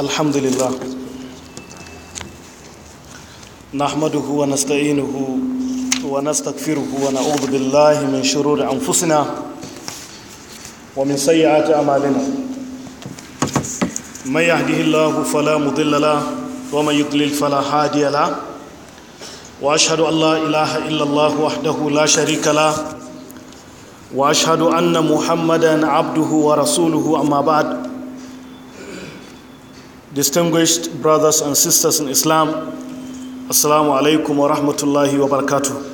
alhamdulillah nahmaduhu wa nasta'inuhu wa nastaghfiruhu wa na'udhu billahi min shururi anfusina wa min sayyiati a'malina may yahdihillahu fala mudilla la wa may yudlil fala hadiya la wa ashhadu an la ilaha illa allah wahdahu la sharika wa ashhadu anna muhammadan 'abduhu wa rasuluhu amma ba'd distinguished brothers and sisters in Islam, Assalamu alaikum wa rahmatullahi wa barakatuh.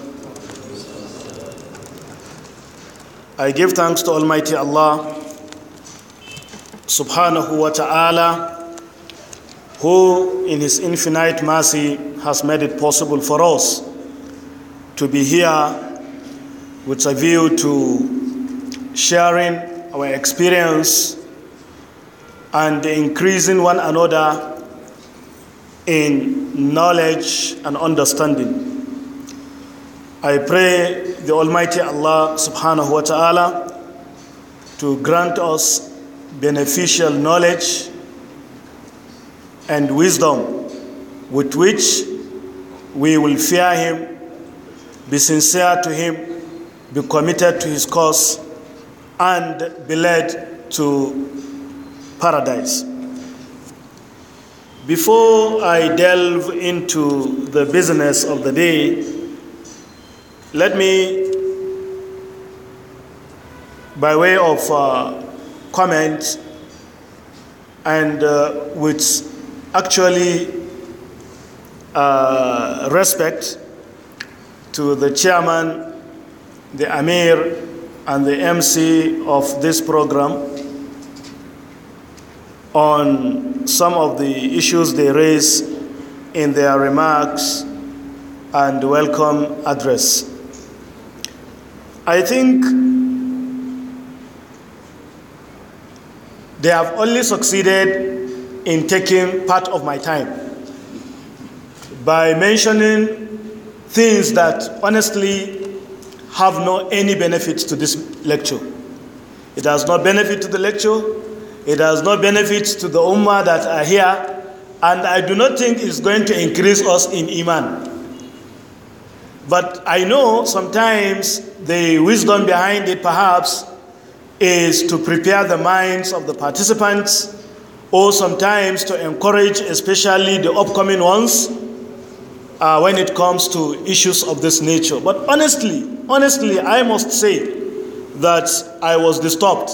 I give thanks to Almighty Allah subhanahu wa ta'ala who in his infinite mercy has made it possible for us to be here with a view to sharing our experience and increasing one another in knowledge and understanding. I pray the Almighty Allah subhanahu wa ta'ala to grant us beneficial knowledge and wisdom with which we will fear Him, be sincere to Him, be committed to His cause, and be led to paradise. Before I delve into the business of the day, let me, by way of uh, comment, and uh, with actually uh, respect to the chairman, the Amir, and the MC of this program on some of the issues they raise in their remarks and welcome address. I think they have only succeeded in taking part of my time by mentioning things that honestly have no any benefit to this lecture. It has no benefit to the lecture, it has no benefit to the ummah that are here, and I do not think it's going to increase us in iman. But I know sometimes the wisdom behind it perhaps is to prepare the minds of the participants or sometimes to encourage, especially the upcoming ones, uh, when it comes to issues of this nature. But honestly, honestly, I must say that I was disturbed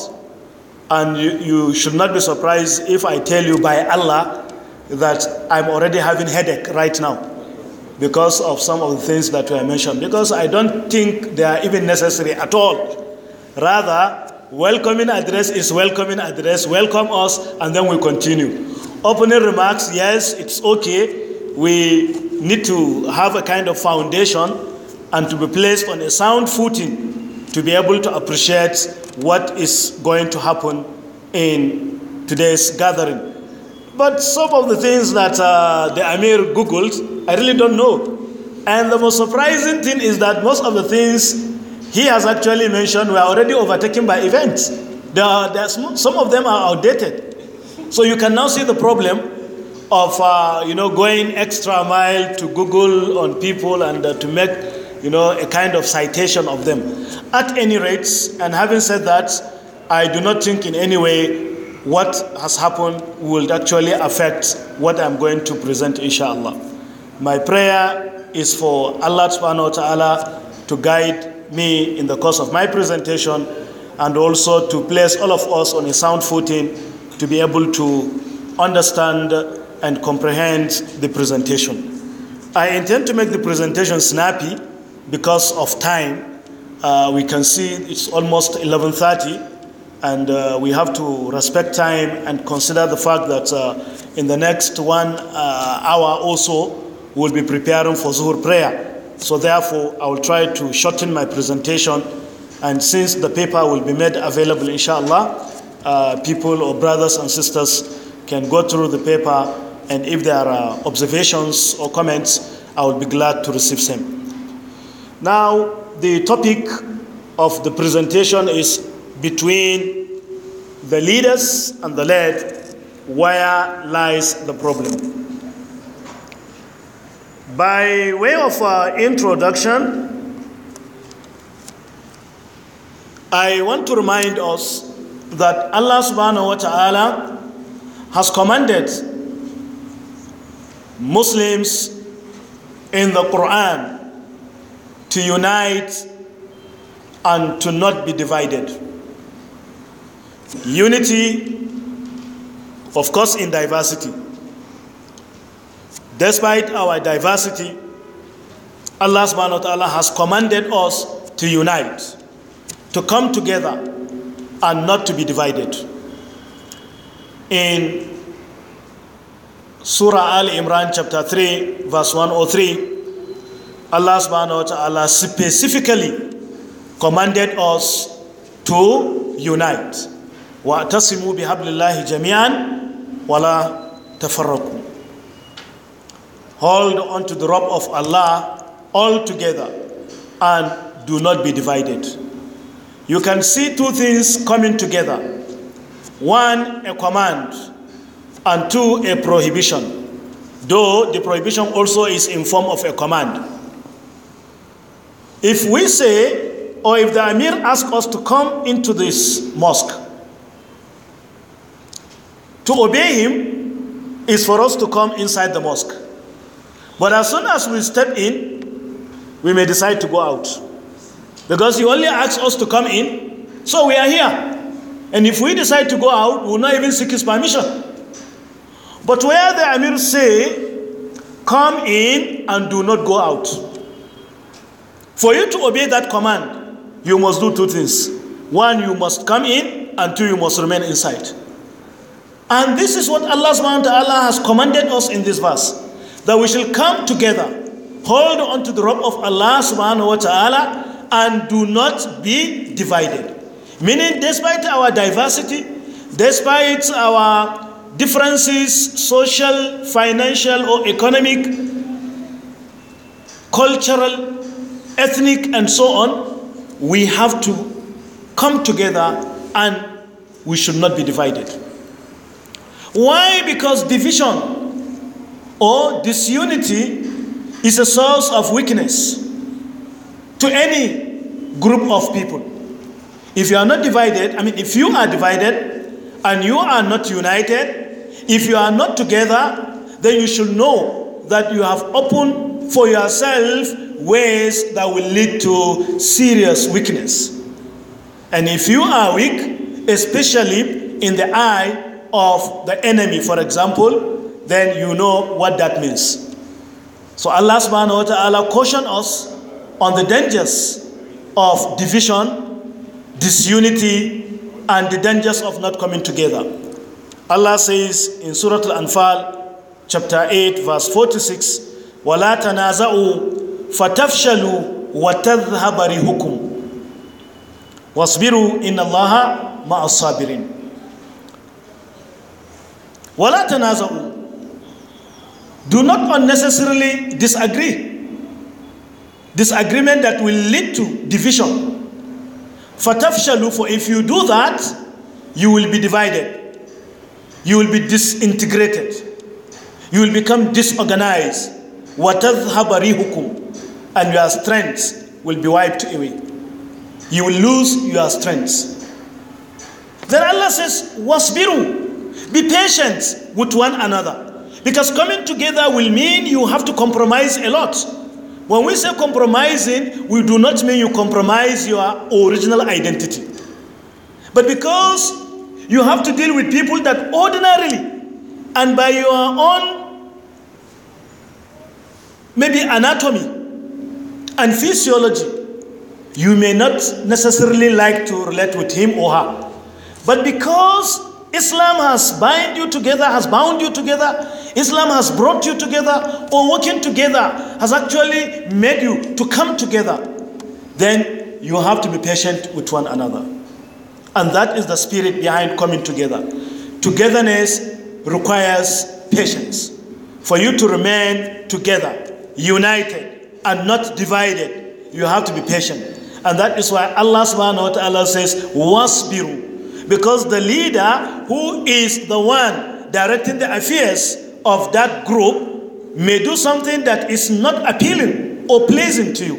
and you, you should not be surprised if I tell you by Allah that I'm already having headache right now because of some of the things that were mentioned. Because I don't think they are even necessary at all. Rather, welcoming address is welcoming address. Welcome us, and then we continue. Opening remarks, yes, it's okay. We need to have a kind of foundation and to be placed on a sound footing to be able to appreciate what is going to happen in today's gathering. But some of the things that uh, the Amir Googled, I really don't know. And the most surprising thing is that most of the things he has actually mentioned were already overtaken by events. There are, there are, some of them are outdated. So you can now see the problem of uh, you know going extra mile to Google on people and uh, to make you know, a kind of citation of them. At any rate, and having said that, I do not think in any way what has happened will actually affect what I'm going to present, inshallah. My prayer is for Allah subhanahu wa ta'ala to guide me in the course of my presentation and also to place all of us on a sound footing to be able to understand and comprehend the presentation. I intend to make the presentation snappy because of time, uh, we can see it's almost 11.30 and uh, we have to respect time and consider the fact that uh, in the next one uh, hour also we'll be preparing for Zuhur prayer. So therefore, I will try to shorten my presentation and since the paper will be made available inshallah, uh, people or brothers and sisters can go through the paper and if there are observations or comments, I will be glad to receive them. Now, the topic of the presentation is between the leaders and the led, where lies the problem? By way of uh, introduction, I want to remind us that Allah subhanahu wa ta'ala has commanded Muslims in the Quran to unite and to not be divided. Unity, of course, in diversity. Despite our diversity, Allah subhanahu wa ta'ala has commanded us to unite, to come together, and not to be divided. In Surah Al Imran, chapter 3, verse 103, Allah subhanahu wa ta'ala specifically commanded us to unite. وَأَتَصِمُوا بِحَبْلِ اللَّهِ جَمِيعًا وَلَا تَفَرَّقُوا Hold on to the rope of Allah all together and do not be divided. You can see two things coming together. One, a command, and two, a prohibition. Though the prohibition also is in form of a command. If we say, or if the Amir asks us to come into this mosque, to obey him is for us to come inside the mosque. But as soon as we step in, we may decide to go out. Because he only asks us to come in, so we are here. And if we decide to go out, we will not even seek his permission. But where the Amir say, come in and do not go out. For you to obey that command, you must do two things. One, you must come in, and two, you must remain inside. And this is what Allah subhanahu wa ta'ala has commanded us in this verse that we shall come together, hold on to the rope of Allah subhanahu wa ta'ala, and do not be divided. Meaning, despite our diversity, despite our differences, social, financial, or economic, cultural, ethnic, and so on, we have to come together and we should not be divided. Why? Because division or disunity is a source of weakness to any group of people. If you are not divided, I mean, if you are divided and you are not united, if you are not together, then you should know that you have opened for yourself ways that will lead to serious weakness. And if you are weak, especially in the eye of the enemy, for example, then you know what that means. So Allah subhanahu wa ta'ala caution us on the dangers of division, disunity, and the dangers of not coming together. Allah says in Surah Al-Anfal, chapter 8, verse 46, وَلَا تَنَازَعُوا fatafshalu wa tadhhaba rihukum wasbiru inna allaha ma'as sabirin wala tanaza'u do not unnecessarily disagree disagreement that will lead to division fatafshalu for if you do that you will be divided you will be disintegrated you will become disorganized watadhhaba hukum. and your strength will be wiped away. You will lose your strength. Then Allah says, Wasbiru, be patient with one another. Because coming together will mean you have to compromise a lot. When we say compromising, we do not mean you compromise your original identity. But because you have to deal with people that ordinarily and by your own maybe anatomy and physiology, you may not necessarily like to relate with him or her. But because Islam has bind you together, has bound you together, Islam has brought you together, or working together has actually made you to come together, then you have to be patient with one another. And that is the spirit behind coming together. Togetherness requires patience for you to remain together, united and not divided. You have to be patient. And that is why Allah subhanahu wa ta'ala says, Wasbiru. Because the leader who is the one directing the affairs of that group may do something that is not appealing or pleasing to you.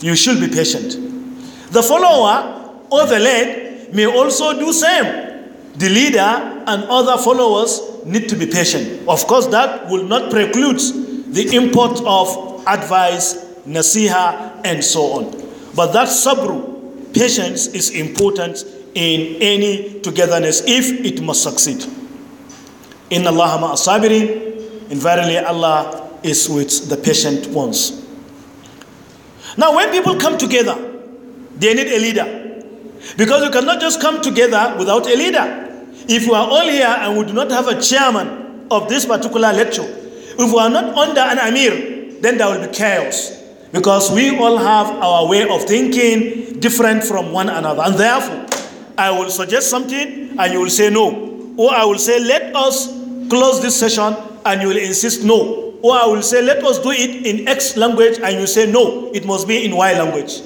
You should be patient. The follower or the led may also do same. The leader and other followers need to be patient. Of course, that will not preclude the import of advice, nasiha, and so on. But that sabr, patience, is important in any togetherness if it must succeed. In Allah ma'asabirin, and verily Allah is with the patient ones. Now, when people come together, they need a leader. Because you cannot just come together without a leader. If we are all here and we do not have a chairman of this particular lecture, if we are not under an amir, then there will be chaos because we all have our way of thinking different from one another. And therefore, I will suggest something and you will say no. Or I will say, let us close this session and you will insist no. Or I will say, let us do it in X language and you say no, it must be in Y language.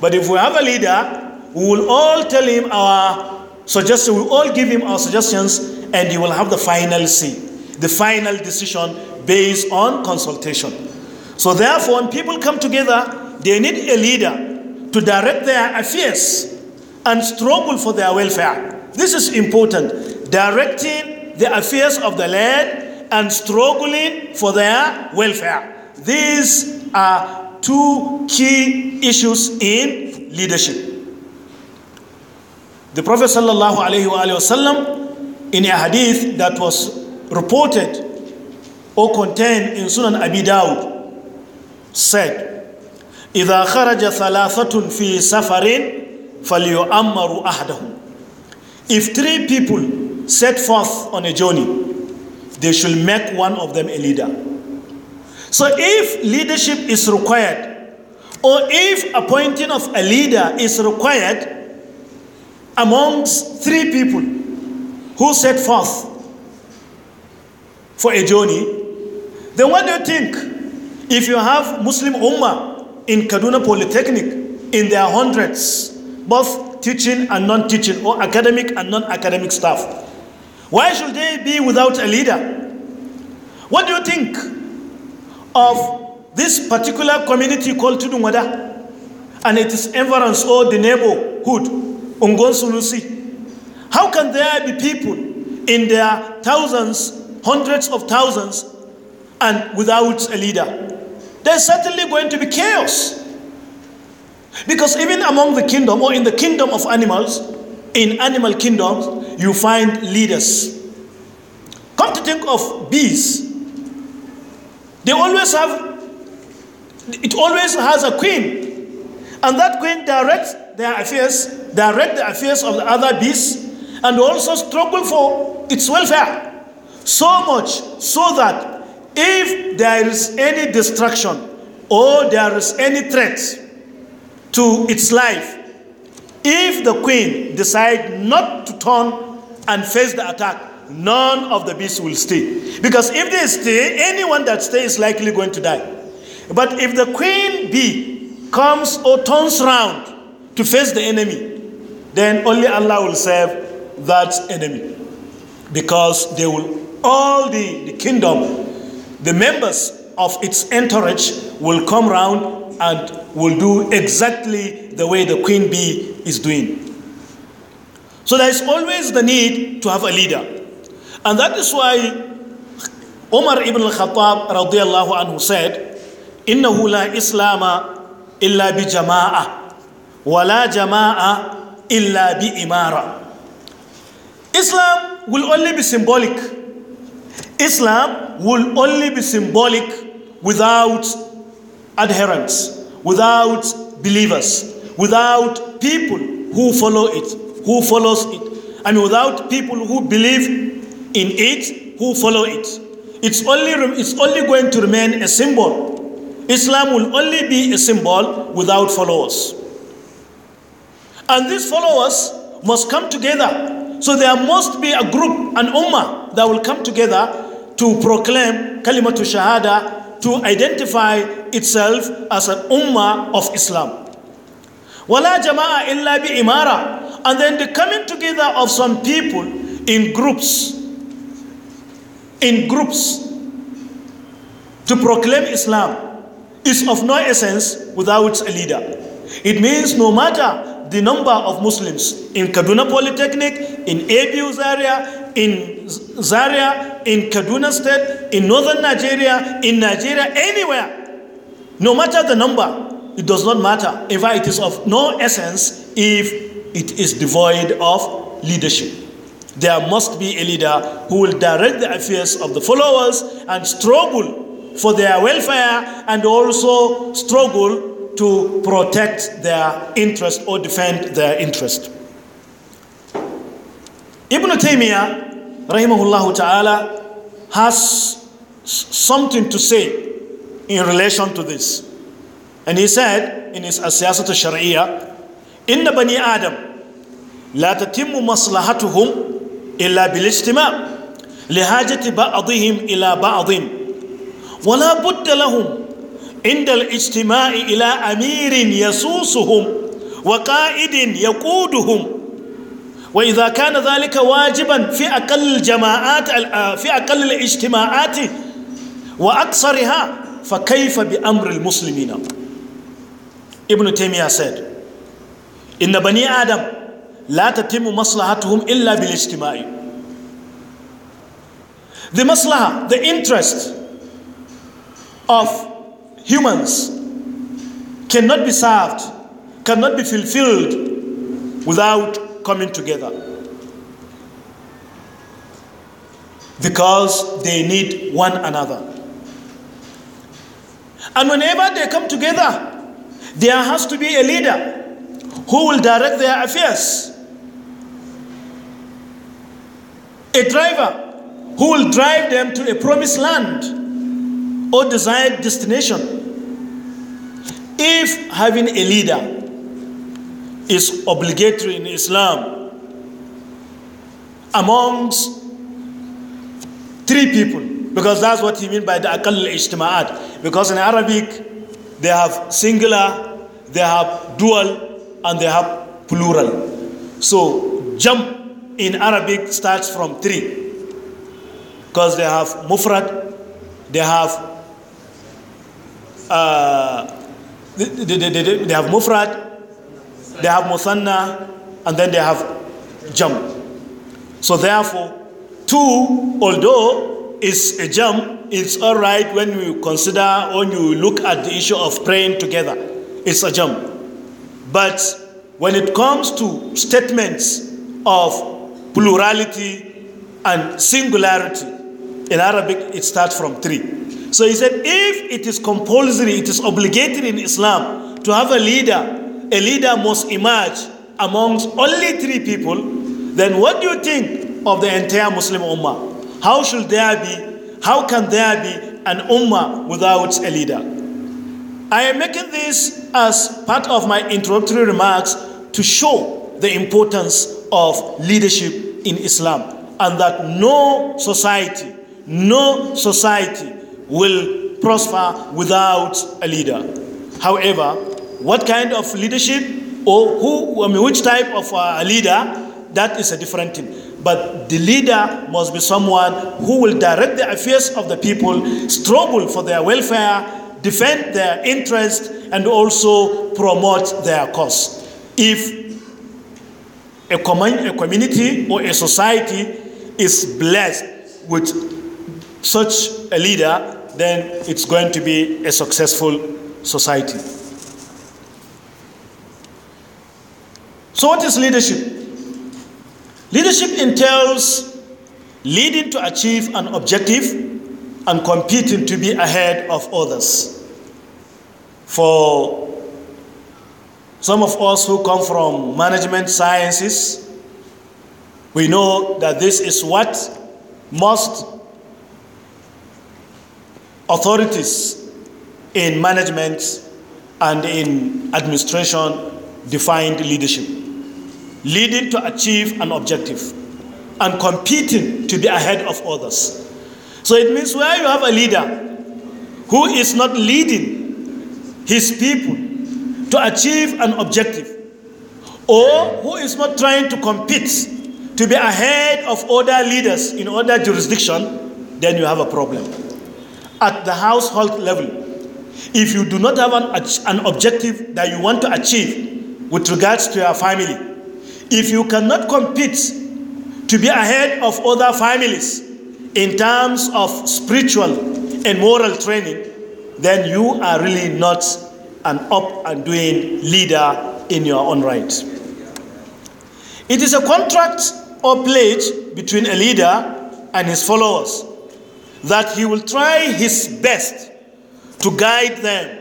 But if we have a leader, we will all tell him our suggestions, we will all give him our suggestions and he will have the final say, the final decision based on consultation. So, therefore, when people come together, they need a leader to direct their affairs and struggle for their welfare. This is important. Directing the affairs of the land and struggling for their welfare. These are two key issues in leadership. The Prophet wasallam, in a hadith that was reported or contained in Sunan Abi Dawud said, إِذَا خَرَجَ ثَلَاثَةٌ فِي سَفَرٍ If three people set forth on a journey, they should make one of them a leader. So if leadership is required, or if appointing of a leader is required amongst three people who set forth for a journey, then what do you think if you have Muslim Ummah in Kaduna Polytechnic, in their hundreds, both teaching and non teaching, or academic and non academic staff, why should they be without a leader? What do you think of this particular community called Tudumada and its environs or the neighborhood, Ungonsulusi? How can there be people in their thousands, hundreds of thousands, and without a leader? there's certainly going to be chaos. Because even among the kingdom or in the kingdom of animals, in animal kingdoms, you find leaders. Come to think of bees, they always have, it always has a queen. And that queen directs their affairs, direct the affairs of the other bees, and also struggle for its welfare. So much so that if there is any destruction or there is any threat to its life, if the queen decide not to turn and face the attack, none of the beasts will stay. Because if they stay, anyone that stays is likely going to die. But if the queen bee comes or turns round to face the enemy, then only Allah will save that enemy. Because they will all the, the kingdom the members of its entourage will come round and will do exactly the way the queen bee is doing. So there is always the need to have a leader. And that is why Umar ibn al-Khattab radiallahu anhu said, إِنَّهُ لَا إِسْلَامَ إِلَّا بِجَمَاعَةٍ وَلَا جَمَاعَةٍ إِلَّا بِإِمَارَةٍ Islam will only be symbolic Islam will only be symbolic without adherents, without believers, without people who follow it, who follows it, and without people who believe in it, who follow it. It's only, it's only going to remain a symbol. Islam will only be a symbol without followers. And these followers must come together. So there must be a group, an ummah, that will come together to proclaim kalimatu shahada to identify itself as an ummah of Islam. Wala jama'a illa bi imara. And then the coming together of some people in groups, in groups to proclaim Islam is of no essence without a leader. It means no matter the number of Muslims in Kaduna Polytechnic, in ABU's area, in Zaria, in Kaduna State, in Northern Nigeria, in Nigeria, anywhere. No matter the number, it does not matter. In fact, it is of no essence if it is devoid of leadership. There must be a leader who will direct the affairs of the followers and struggle for their welfare and also struggle to protect their interest or defend their interest. Ibn Taymiyyah, rahimahullah ta'ala, has something to say in relation to this. And he said in his Asiyasat al-Shari'iyya, إِنَّ بَنِي آدَمْ لَا تَتِمُّ مَصْلَحَتُهُمْ إِلَّا بِالِاجْتِمَاعِ لحاجة بعضهم إلى بعض ولا بد لهم عند الاجتماع إلى أمير يسوسهم وقائد يقودهم وإذا كان ذلك واجبا في أقل الجماعات آه، في أقل الاجتماعات وأكثرها فكيف بأمر المسلمين ابن تيمية said إن بني آدم لا تتم مصلحتهم إلا بالاجتماع the maslaha the interest of humans cannot be served cannot be fulfilled without coming together because they need one another. And whenever they come together, there has to be a leader who will direct their affairs, a driver who will drive them to a promised land or desired destination. If having a leader is obligatory in Islam amongst three people because that's what he meant by the akal ijtima'at because in Arabic they have singular they have dual and they have plural so jump in Arabic starts from three because they have mufrad they have uh, they, they, they, they have mufrad they have Musanna, and then they have Jam. So therefore, two, although is a Jam, it's all right when you consider when you look at the issue of praying together. It's a Jam. But when it comes to statements of plurality and singularity, in Arabic it starts from three. So he said, if it is compulsory, it is obligatory in Islam to have a leader a leader must emerge amongst only three people, then what do you think of the entire Muslim Ummah? How should there be, how can there be an Ummah without a leader? I am making this as part of my introductory remarks to show the importance of leadership in Islam and that no society, no society will prosper without a leader. However, what kind of leadership or who, I mean, which type of uh, leader, that is a different thing. But the leader must be someone who will direct the affairs of the people, struggle for their welfare, defend their interest, and also promote their cause. If a, com a community or a society is blessed with such a leader, then it's going to be a successful society. So, what is leadership? Leadership entails leading to achieve an objective and competing to be ahead of others. For some of us who come from management sciences, we know that this is what most authorities in management and in administration defined leadership. leading to achieve an objective and competing to be ahead of others. So it means where you have a leader who is not leading his people to achieve an objective or who is not trying to compete to be ahead of other leaders in other jurisdiction, then you have a problem. At the household level, if you do not have an, an objective that you want to achieve with regards to your family, if you cannot compete to be ahead of other families in terms of spiritual and moral training, then you are really not an up and doing leader in your own right. It is a contract or pledge between a leader and his followers that he will try his best to guide them,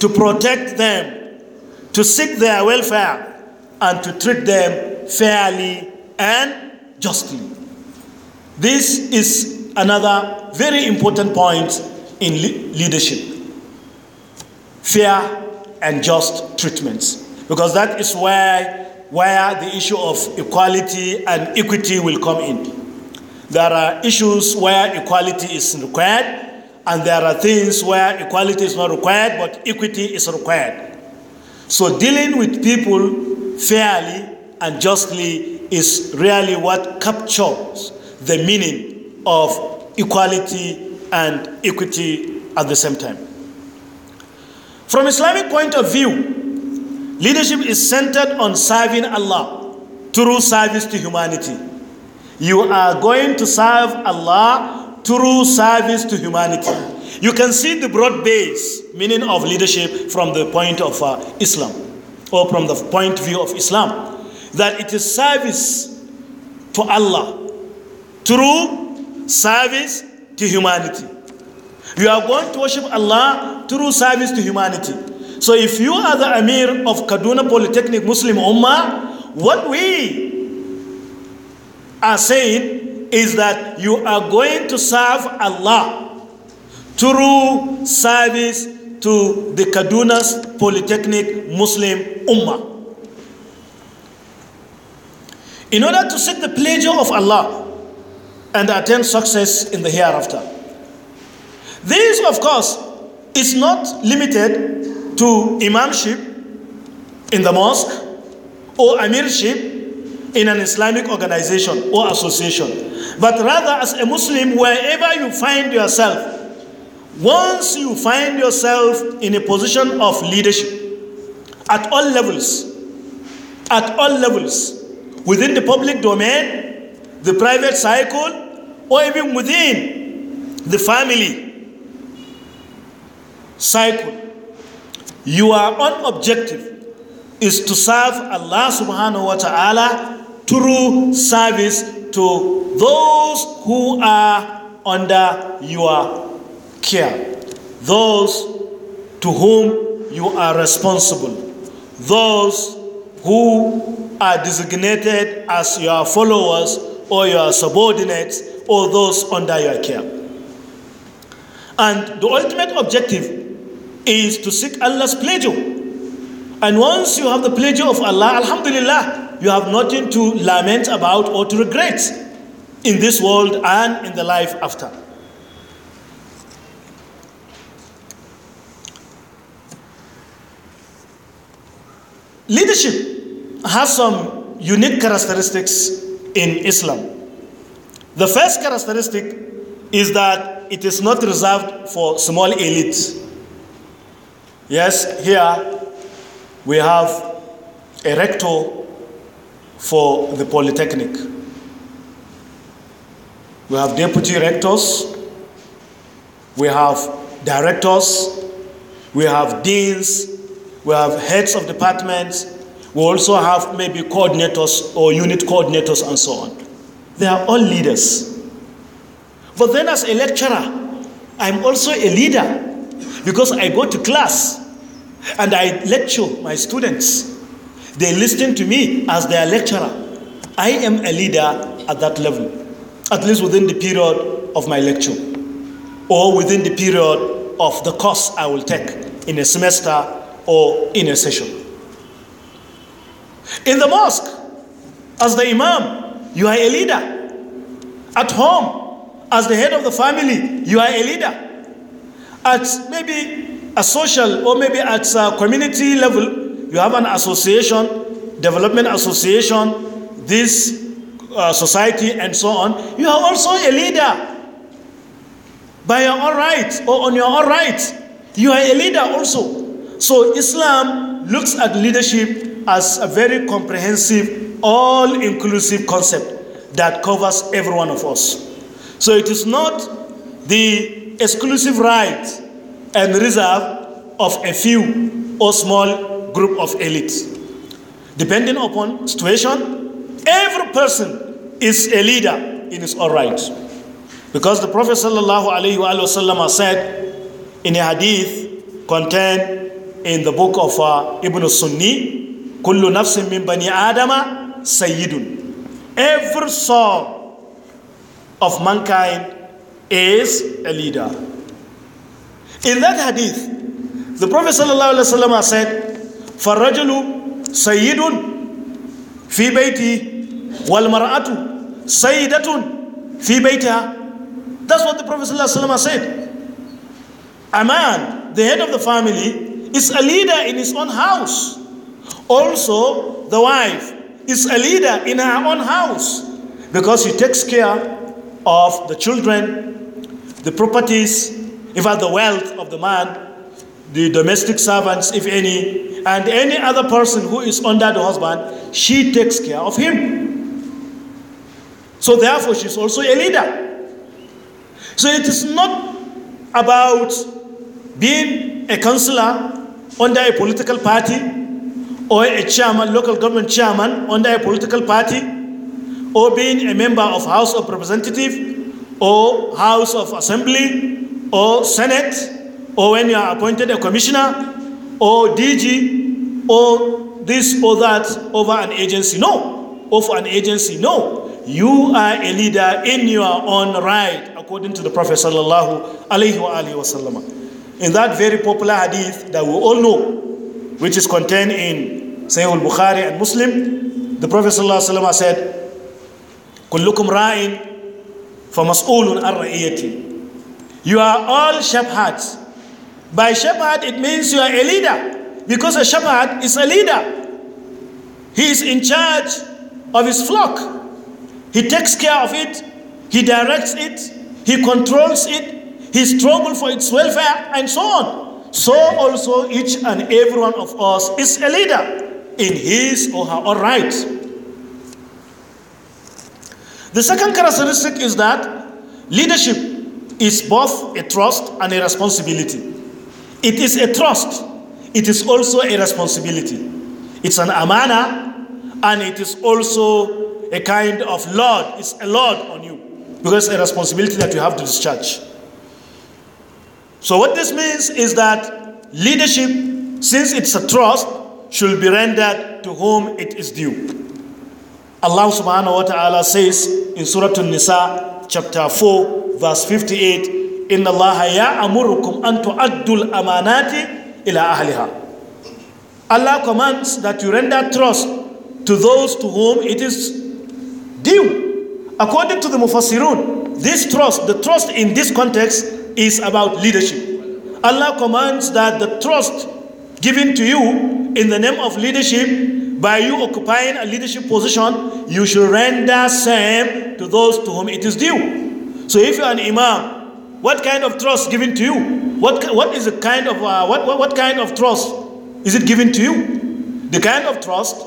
to protect them, to seek their welfare, and to treat them fairly and justly. This is another very important point in le leadership fair and just treatments, because that is where, where the issue of equality and equity will come in. There are issues where equality is required, and there are things where equality is not required, but equity is required. So, dealing with people fairly and justly is really what captures the meaning of equality and equity at the same time. From Islamic point of view, leadership is centered on serving Allah through service to humanity. You are going to serve Allah through service to humanity. You can see the broad base meaning of leadership from the point of uh, Islam or from the point of view of Islam, that it is service to Allah, through service to humanity. You are going to worship Allah through service to humanity. So if you are the Amir of Kaduna Polytechnic Muslim Ummah, what we are saying is that you are going to serve Allah through service to the Kaduna Polytechnic Muslim Ummah. In order to seek the pleasure of Allah and attain success in the hereafter. This, of course, is not limited to imamship in the mosque or amirship in an Islamic organization or association, but rather as a Muslim, wherever you find yourself, Once you find yourself in a position of leadership at all levels, at all levels, within the public domain, the private cycle, or even within the family cycle, your own objective is to serve Allah subhanahu wa ta'ala through service to those who are under your care. Those to whom you are responsible. Those who are designated as your followers or your subordinates or those under your care. And the ultimate objective is to seek Allah's pleasure. And once you have the pleasure of Allah, Alhamdulillah, you have nothing to lament about or to regret in this world and in the life after. Leadership has some unique characteristics in Islam. The first characteristic is that it is not reserved for small elites. Yes, here we have a rector for the polytechnic. We have deputy rectors, we have directors, we have deans, we have heads of departments, we also have maybe coordinators or unit coordinators and so on. They are all leaders. But then, as a lecturer, I'm also a leader because I go to class and I lecture my students. They listen to me as their lecturer. I am a leader at that level, at least within the period of my lecture or within the period of the course I will take in a semester or in a session. In the mosque, as the imam, you are a leader. At home, as the head of the family, you are a leader. At maybe a social or maybe at a community level, you have an association, development association, this uh, society, and so on. You are also a leader by your own right or on your own right. You are a leader also. So Islam looks at leadership as a very comprehensive, all inclusive concept that covers every one of us. So it is not the exclusive right and reserve of a few or small group of elites. Depending upon situation, every person is a leader in his own right. Because the Prophet ﷺ said in a hadith contained in the book of uh, Ibn Sunni, Kullu nafsin min bani Adama Sayyidun. Every soul of mankind is a leader. In that hadith, the Prophet ﷺ said, فَالرَّجُلُ سَيِّدٌ فِي بَيْتِهِ وَالْمَرْأَةُ سَيِّدَةٌ فِي بَيْتِهَا That's what the Prophet ﷺ said. A man, the head of the family, is a leader in his own house. Also, the wife is a leader in her own house because she takes care of the children, the properties, even the wealth of the man, the domestic servants, if any, and any other person who is under the husband, she takes care of him. So, therefore, she's also a leader. So, it is not about being a counselor under a political party or a chairman, local government chairman under a political party or being a member of House of Representative or House of Assembly or Senate or when you are appointed a commissioner or DG or this or that over an agency. No, of an agency. No, you are a leader in your own right according to the Prophet sallallahu alaihi wasallam in that very popular hadith that we all know, which is contained in Sahih al-Bukhari and Muslim, the Prophet ﷺ said, كلكم ra'in فمسؤول عن رعيته You are all shepherds. By shepherd, it means you are a leader, because a shepherd is a leader. He is in charge of his flock. He takes care of it. He directs it. He controls it. He struggled for its welfare and so on. So also each and every one of us is a leader in his or her own right. The second characteristic is that leadership is both a trust and a responsibility. It is a trust, it is also a responsibility. It's an amana, and it is also a kind of lord. It's a lord on you because a responsibility that you have to discharge. So, what this means is that leadership, since it's a trust, should be rendered to whom it is due. Allah subhanahu wa ta'ala says in Surah Al Nisa, chapter 4, verse 58, Inna Allah ya'amurukum an tu'addul amanati ila ahliha. Allah commands that you render trust to those to whom it is due. According to the Mufassirun, this trust, the trust in this context is about leadership. Allah commands that the trust given to you in the name of leadership by you occupying a leadership position, you should render same to those to whom it is due. So if you are an imam, what kind of trust given to you? What, what is the kind of uh, what, what, what kind of trust is it given to you? The kind of trust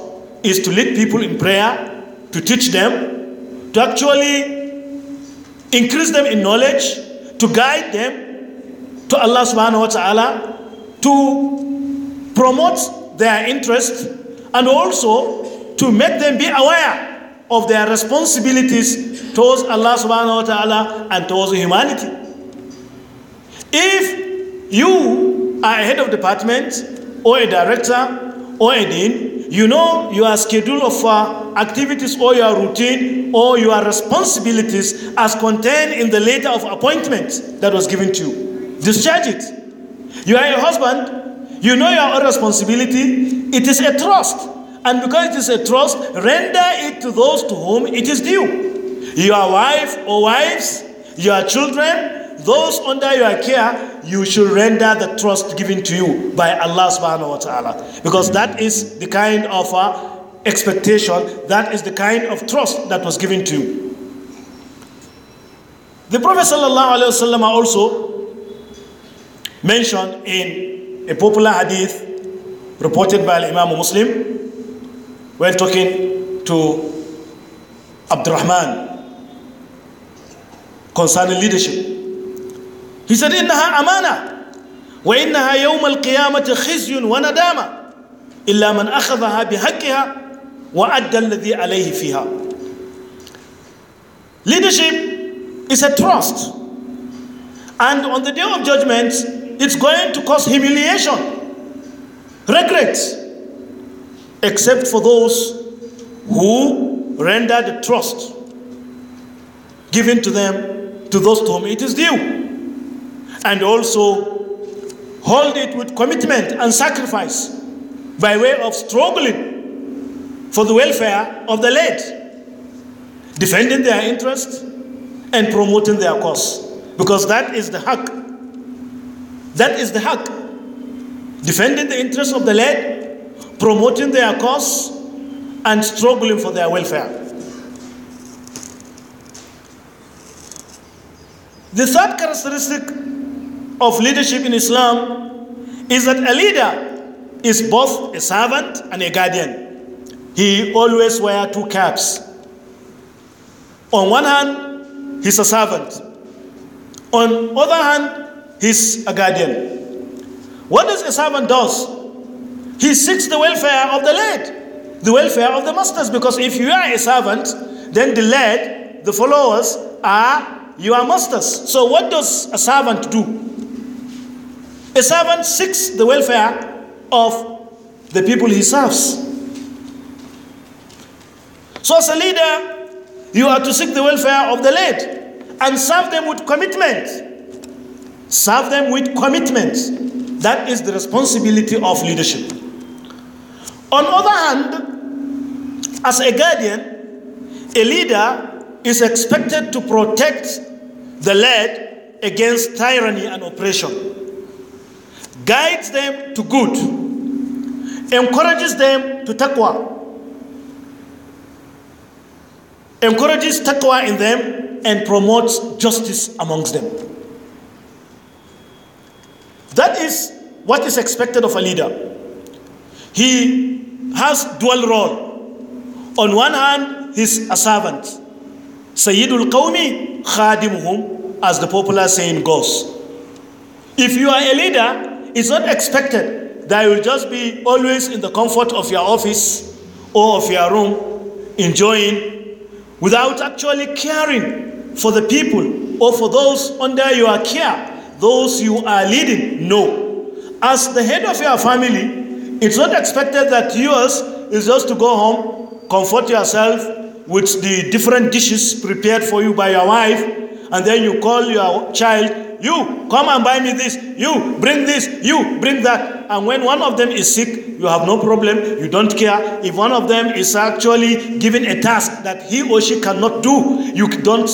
is to lead people in prayer, to teach them, to actually increase them in knowledge, to guide them to Allah subhanahu wa ta'ala, to promote their interest, and also to make them be aware of their responsibilities towards Allah subhanahu wa ta'ala and towards humanity. If you are a head of department or a director or a dean you know your schedule of uh, activities or your routine or your responsibilities as contained in the letter of appointment that was given to you. Discharge it. You are a husband, you know your own responsibility, it is a trust. And because it is a trust, render it to those to whom it is due. Your wife or wives, your children, those under your care, you should render the trust given to you by Allah subhanahu wa ta'ala. Because that is the kind of uh, expectation, that is the kind of trust that was given to you. The Prophet sallallahu alaihi wasallam also mentioned in a popular hadith reported by Imam Muslim when talking to Abdurrahman concerning leadership. He said, إنها أمانة وإنها يوم القيامة خزي وندامة إلا من أخذها بحقها وأدى الذي عليه فيها. Leadership is a trust. And on the day of judgment, it's going to cause humiliation, regret, except for those who render the trust given to them to those to whom it is due. and also hold it with commitment and sacrifice by way of struggling for the welfare of the led, defending their interests and promoting their cause. Because that is the hack. That is the hack. Defending the interests of the led, promoting their cause, and struggling for their welfare. The third characteristic of leadership in Islam is that a leader is both a servant and a guardian. He always wears two caps. On one hand, he's a servant. On other hand, he's a guardian. What does a servant does? He seeks the welfare of the led, the welfare of the masters. Because if you are a servant, then the led, the followers, are your masters. So what does a servant do? A servant seeks the welfare of the people he serves. So, as a leader, you are to seek the welfare of the led and serve them with commitment. Serve them with commitment. That is the responsibility of leadership. On other hand, as a guardian, a leader is expected to protect the led against tyranny and oppression guides them to good, encourages them to taqwa, encourages taqwa in them, and promotes justice amongst them. That is what is expected of a leader. He has dual role. On one hand, he's a servant. Sayyidul Qawmi khadimuhum, as the popular saying goes. If you are a leader, it's not expected that you will just be always in the comfort of your office or of your room, enjoying, without actually caring for the people or for those under your care, those you are leading. No. As the head of your family, it's not expected that yours is just to go home, comfort yourself with the different dishes prepared for you by your wife, and then you call your child you come and buy me this. You bring this. You bring that. And when one of them is sick, you have no problem. You don't care. If one of them is actually given a task that he or she cannot do, you don't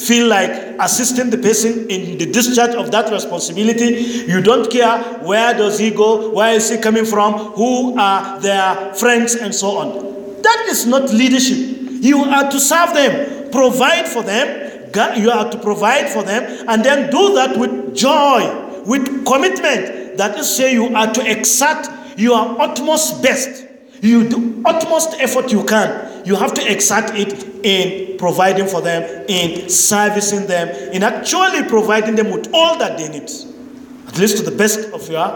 feel like assisting the person in the discharge of that responsibility. You don't care where does he go, where is he coming from, who are their friends, and so on. That is not leadership. You are to serve them, provide for them, you have to provide for them and then do that with joy, with commitment. That is, say, you are to exert your utmost best. You do utmost effort you can. You have to exert it in providing for them, in servicing them, in actually providing them with all that they need, at least to the best of your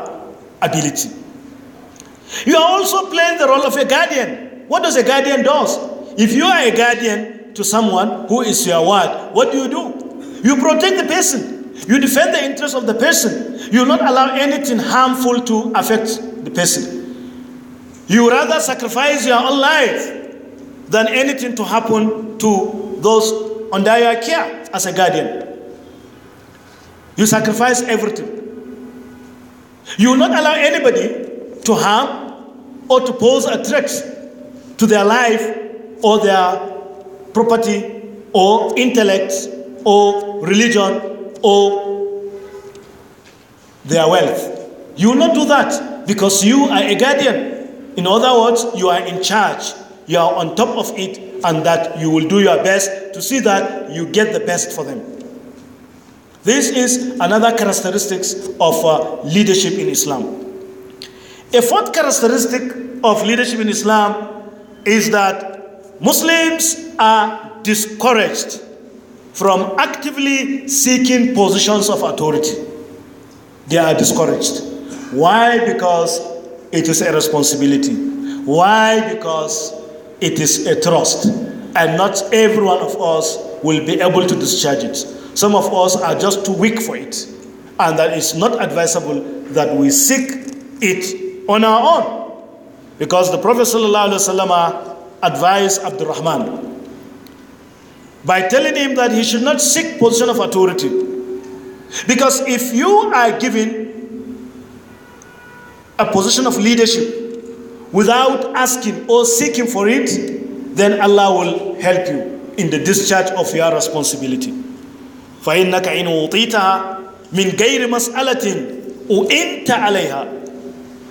ability. You are also playing the role of a guardian. What does a guardian do? If you are a guardian, to someone who is your ward, what do you do? You protect the person. You defend the interest of the person. You not allow anything harmful to affect the person. You rather sacrifice your own life than anything to happen to those under your care as a guardian. You sacrifice everything. You will not allow anybody to harm or to pose a threat to their life or their property or intellect or religion or their wealth. You will not do that because you are a guardian. In other words, you are in charge, you are on top of it, and that you will do your best to see that you get the best for them. This is another characteristics of uh, leadership in Islam. A fourth characteristic of leadership in Islam is that Muslims are discouraged from actively seeking positions of authority. They are discouraged. Why? Because it is a responsibility. Why? Because it is a trust. And not every one of us will be able to discharge it. Some of us are just too weak for it. And that is not advisable that we seek it on our own. Because the Prophet wasallam advise Abdurrahman by telling him that he should not seek position of authority. Because if you are given a position of leadership without asking or seeking for it, then Allah will help you in the discharge of your responsibility. فإنك إن أوطيتها من غير مسألة وإنت عليها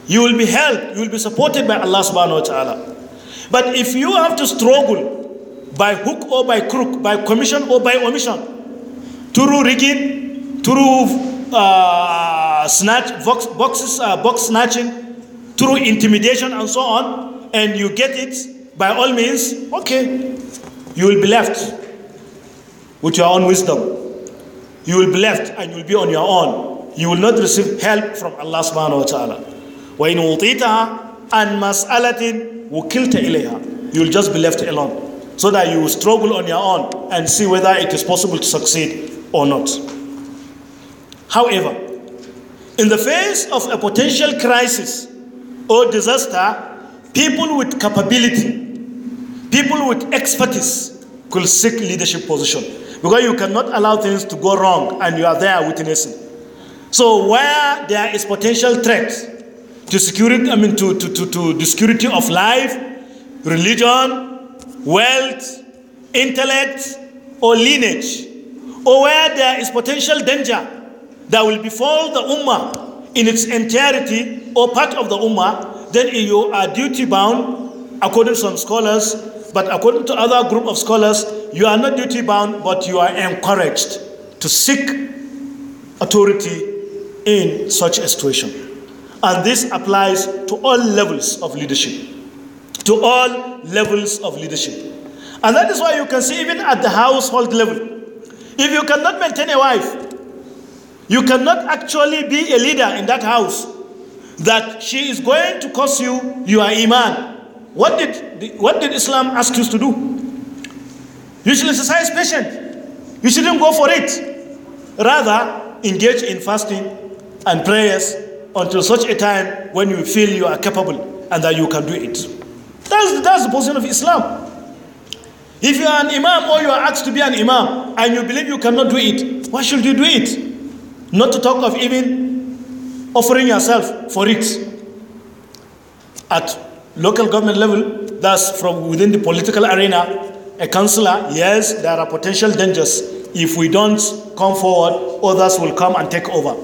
you will be helped you will be supported by Allah subhanahu wa ta'ala but if you have to struggle by hook or by crook, by commission or by omission, through rigging, through uh, snatch, box, boxes, uh, box snatching, through intimidation and so on, and you get it, by all means, okay, you will be left with your own wisdom. You will be left and you will be on your own. You will not receive help from Allah subhanahu wa ta'ala. وَإِنْ أُوطِيتَهَا عَنْ مَسْأَلَةٍ وكلت إليها you'll just be left alone so that you will struggle on your own and see whether it is possible to succeed or not however in the face of a potential crisis or disaster people with capability people with expertise could seek leadership position because you cannot allow things to go wrong and you are there witnessing so where there is potential threat to security, I mean, to, to, to, to the security of life, religion, wealth, intellect, or lineage, or where there is potential danger that will befall the ummah in its entirety or part of the ummah, then you are duty bound, according to some scholars, but according to other group of scholars, you are not duty bound, but you are encouraged to seek authority in such a situation. And this applies to all levels of leadership. To all levels of leadership. And that is why you can see, even at the household level, if you cannot maintain a wife, you cannot actually be a leader in that house. That she is going to cause you your iman. What did, what did Islam ask you to do? You should exercise patience. You shouldn't go for it. Rather, engage in fasting and prayers until such a time when you feel you are capable and that you can do it. That's, that's the position of Islam. If you are an imam or you are asked to be an imam and you believe you cannot do it, why should you do it? Not to talk of even offering yourself for it. At local government level, that's from within the political arena, a councillor, yes, there are potential dangers. If we don't come forward, others will come and take over.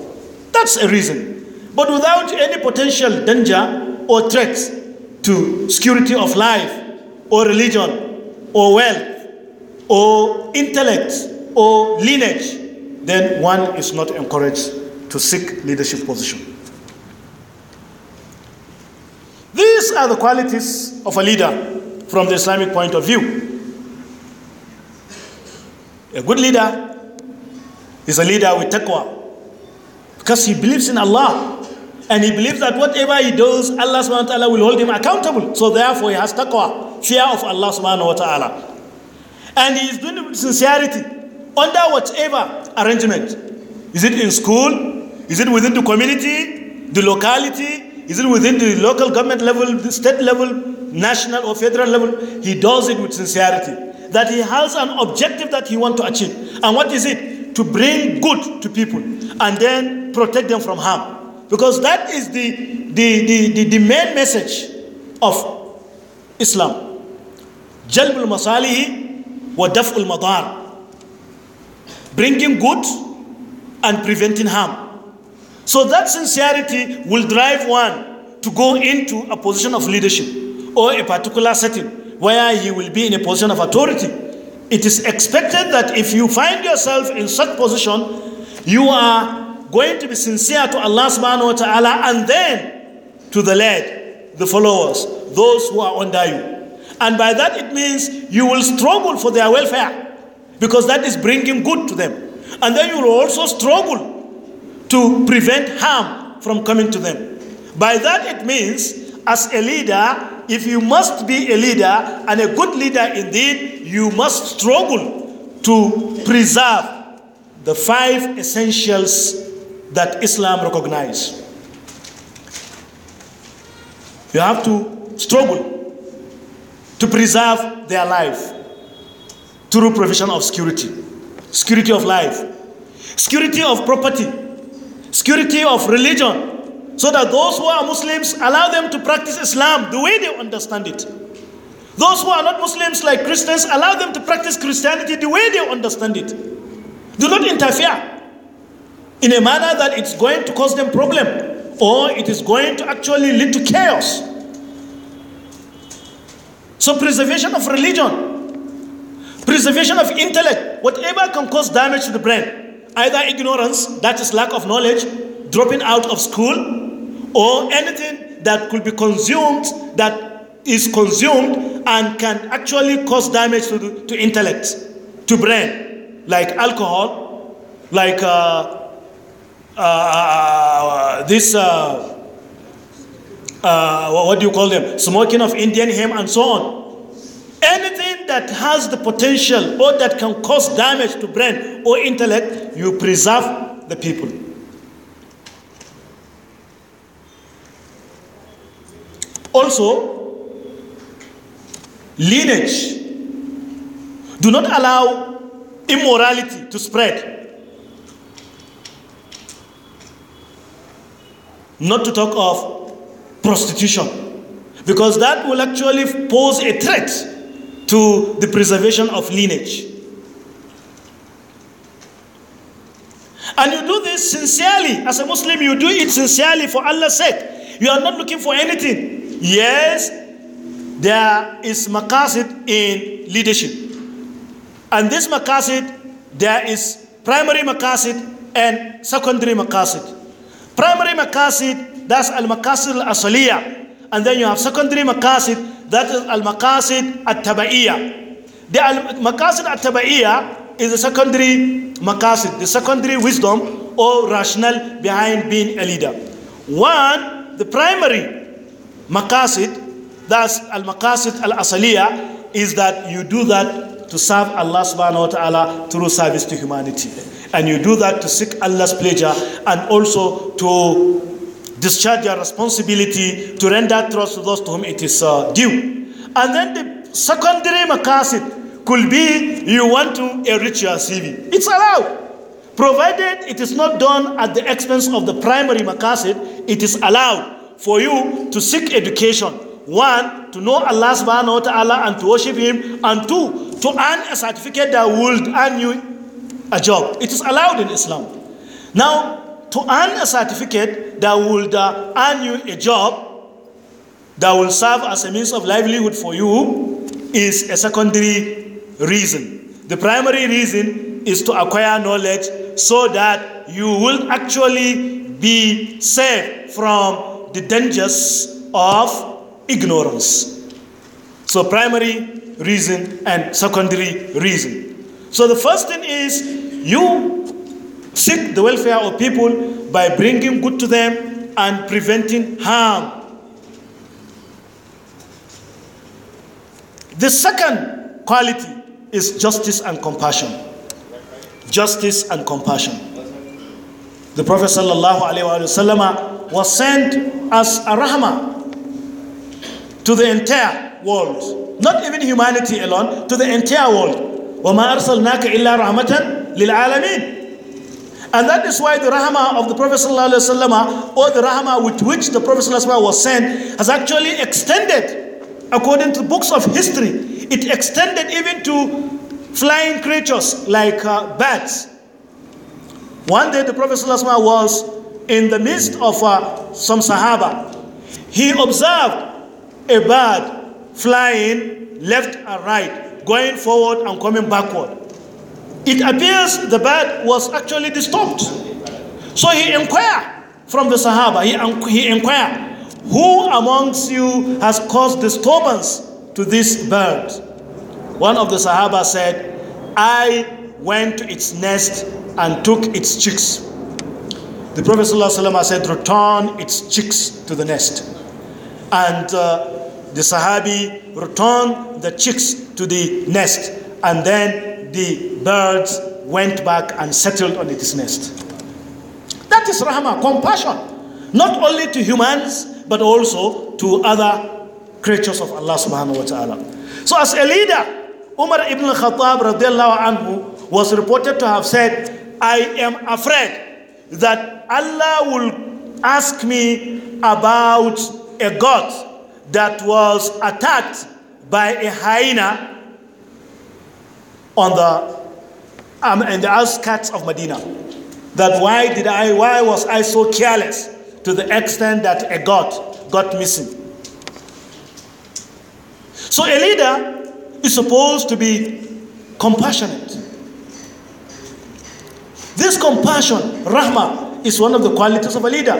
That's a reason but without any potential danger or threats to security of life or religion or wealth or intellect or lineage, then one is not encouraged to seek leadership position. These are the qualities of a leader from the Islamic point of view. A good leader is a leader with taqwa because he believes in Allah and he believes that whatever he does, Allah subhanahu wa ta'ala will hold him accountable. So therefore he has taqwa, fear of Allah subhanahu wa ta'ala. And he is doing it with sincerity under whatever arrangement. Is it in school? Is it within the community? The locality? Is it within the local government level, the state level, national or federal level? He does it with sincerity. That he has an objective that he wants to achieve. And what is it? To bring good to people and then protect them from harm. Because that is the, the, the, the, the main message of Islam. Jalbul masalihi wa daf'ul madar. Bringing good and preventing harm. So that sincerity will drive one to go into a position of leadership or a particular setting where he will be in a position of authority. It is expected that if you find yourself in such position, you are going to be sincere to Allah subhanahu wa ta'ala and then to the led, the followers, those who are under you. And by that it means you will struggle for their welfare because that is bringing good to them. And then you will also struggle to prevent harm from coming to them. By that it means, as a leader, if you must be a leader and a good leader indeed, you must struggle to preserve the five essentials that Islam recognizes. You have to struggle to preserve their life through provision of security, security of life, security of property, security of religion, so that those who are Muslims allow them to practice Islam the way they understand it. Those who are not Muslims, like Christians, allow them to practice Christianity the way they understand it. Do not interfere in a manner that it's going to cause them problem or it is going to actually lead to chaos. So preservation of religion, preservation of intellect, whatever can cause damage to the brain, either ignorance, that is lack of knowledge, dropping out of school, or anything that could be consumed that is consumed and can actually cause damage to, to intellect, to brain, like alcohol, like uh, uh, uh, uh, this, uh, uh, what do you call them, smoking of Indian hemp and so on. Anything that has the potential or that can cause damage to brain or intellect, you preserve the people. Also, lineage. Do not allow immorality to spread. Not to talk of prostitution, because that will actually pose a threat to the preservation of lineage. And you do this sincerely. As a Muslim, you do it sincerely for Allah's sake. You are not looking for anything. Yes, there is maqasid in leadership. And this maqasid, there is primary maqasid and secondary maqasid. Primary maqasid, that's al-maqasid al-asaliya. And then you have secondary maqasid, that is al-makassid al-taba'iyya. The al-maqasid at tabaiyya is the secondary maqasid, the secondary wisdom or rationale behind being a leader. One, the primary maqasid, that's al-maqasid al-asaliya, is that you do that to serve Allah subhanahu wa ta'ala through service to humanity. And you do that to seek Allah's pleasure and also to discharge your responsibility to render trust to those to whom it is uh, due. And then the secondary makasid could be you want to enrich your CV. It's allowed. Provided it is not done at the expense of the primary makasid, it is allowed for you to seek education One, to know Allah subhanahu wa ta'ala and to worship Him. And two, to earn a certificate that would earn you a job. It is allowed in Islam. Now, to earn a certificate that would uh, earn you a job, that will serve as a means of livelihood for you, is a secondary reason. The primary reason is to acquire knowledge so that you will actually be safe from the dangers of ignorance. So, primary reason and secondary reason. So, the first thing is you seek the welfare of people by bringing good to them and preventing harm. The second quality is justice and compassion. Justice and compassion. The Prophet wasallam was sent as a rahmah to the entire world. Not even humanity alone, to the entire world. وَمَا أَرْسَلْنَاكَ إِلَّا رَحْمَةً لِلْعَالَمِينَ and that is why the rahmah of the Prophet ﷺ, or the rahmah with which the Prophet ﷺ was sent, has actually extended, according to books of history, it extended even to flying creatures like uh, bats. One day the Prophet ﷺ was in the midst of uh, some Sahaba. He observed a bird flying left and right, going forward and coming backward. It appears the bird was actually disturbed. So he inquired from the Sahaba, he, he inquired, Who amongst you has caused disturbance to this bird? One of the Sahaba said, I went to its nest and took its chicks. The Prophet ﷺ said, Return its chicks to the nest. And uh, the Sahabi returned the chicks to the nest, and then the birds went back and settled on its nest. That is Rahma, compassion, not only to humans, but also to other creatures of Allah subhanahu wa ta'ala. So, as a leader, Umar ibn Khattab radiallahu anhu was reported to have said, I am afraid that Allah will ask me about a God that was attacked by a hyena on the um, in the outskirts of Medina. That why did I why was I so careless to the extent that a god got missing? So a leader is supposed to be compassionate. This compassion, rahma, is one of the qualities of a leader.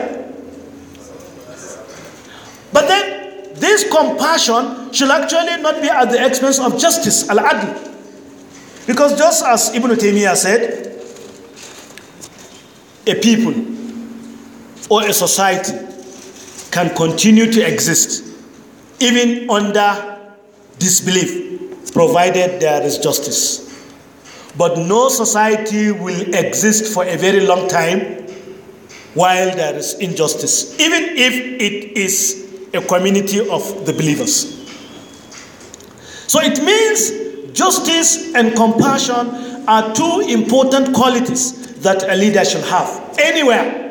But then this compassion should actually not be at the expense of justice, al adl. Because just as Ibn Taymiyyah said, a people or a society can continue to exist even under disbelief, provided there is justice. But no society will exist for a very long time while there is injustice, even if it is a community of the believers. So it means justice and compassion are two important qualities that a leader should have anywhere.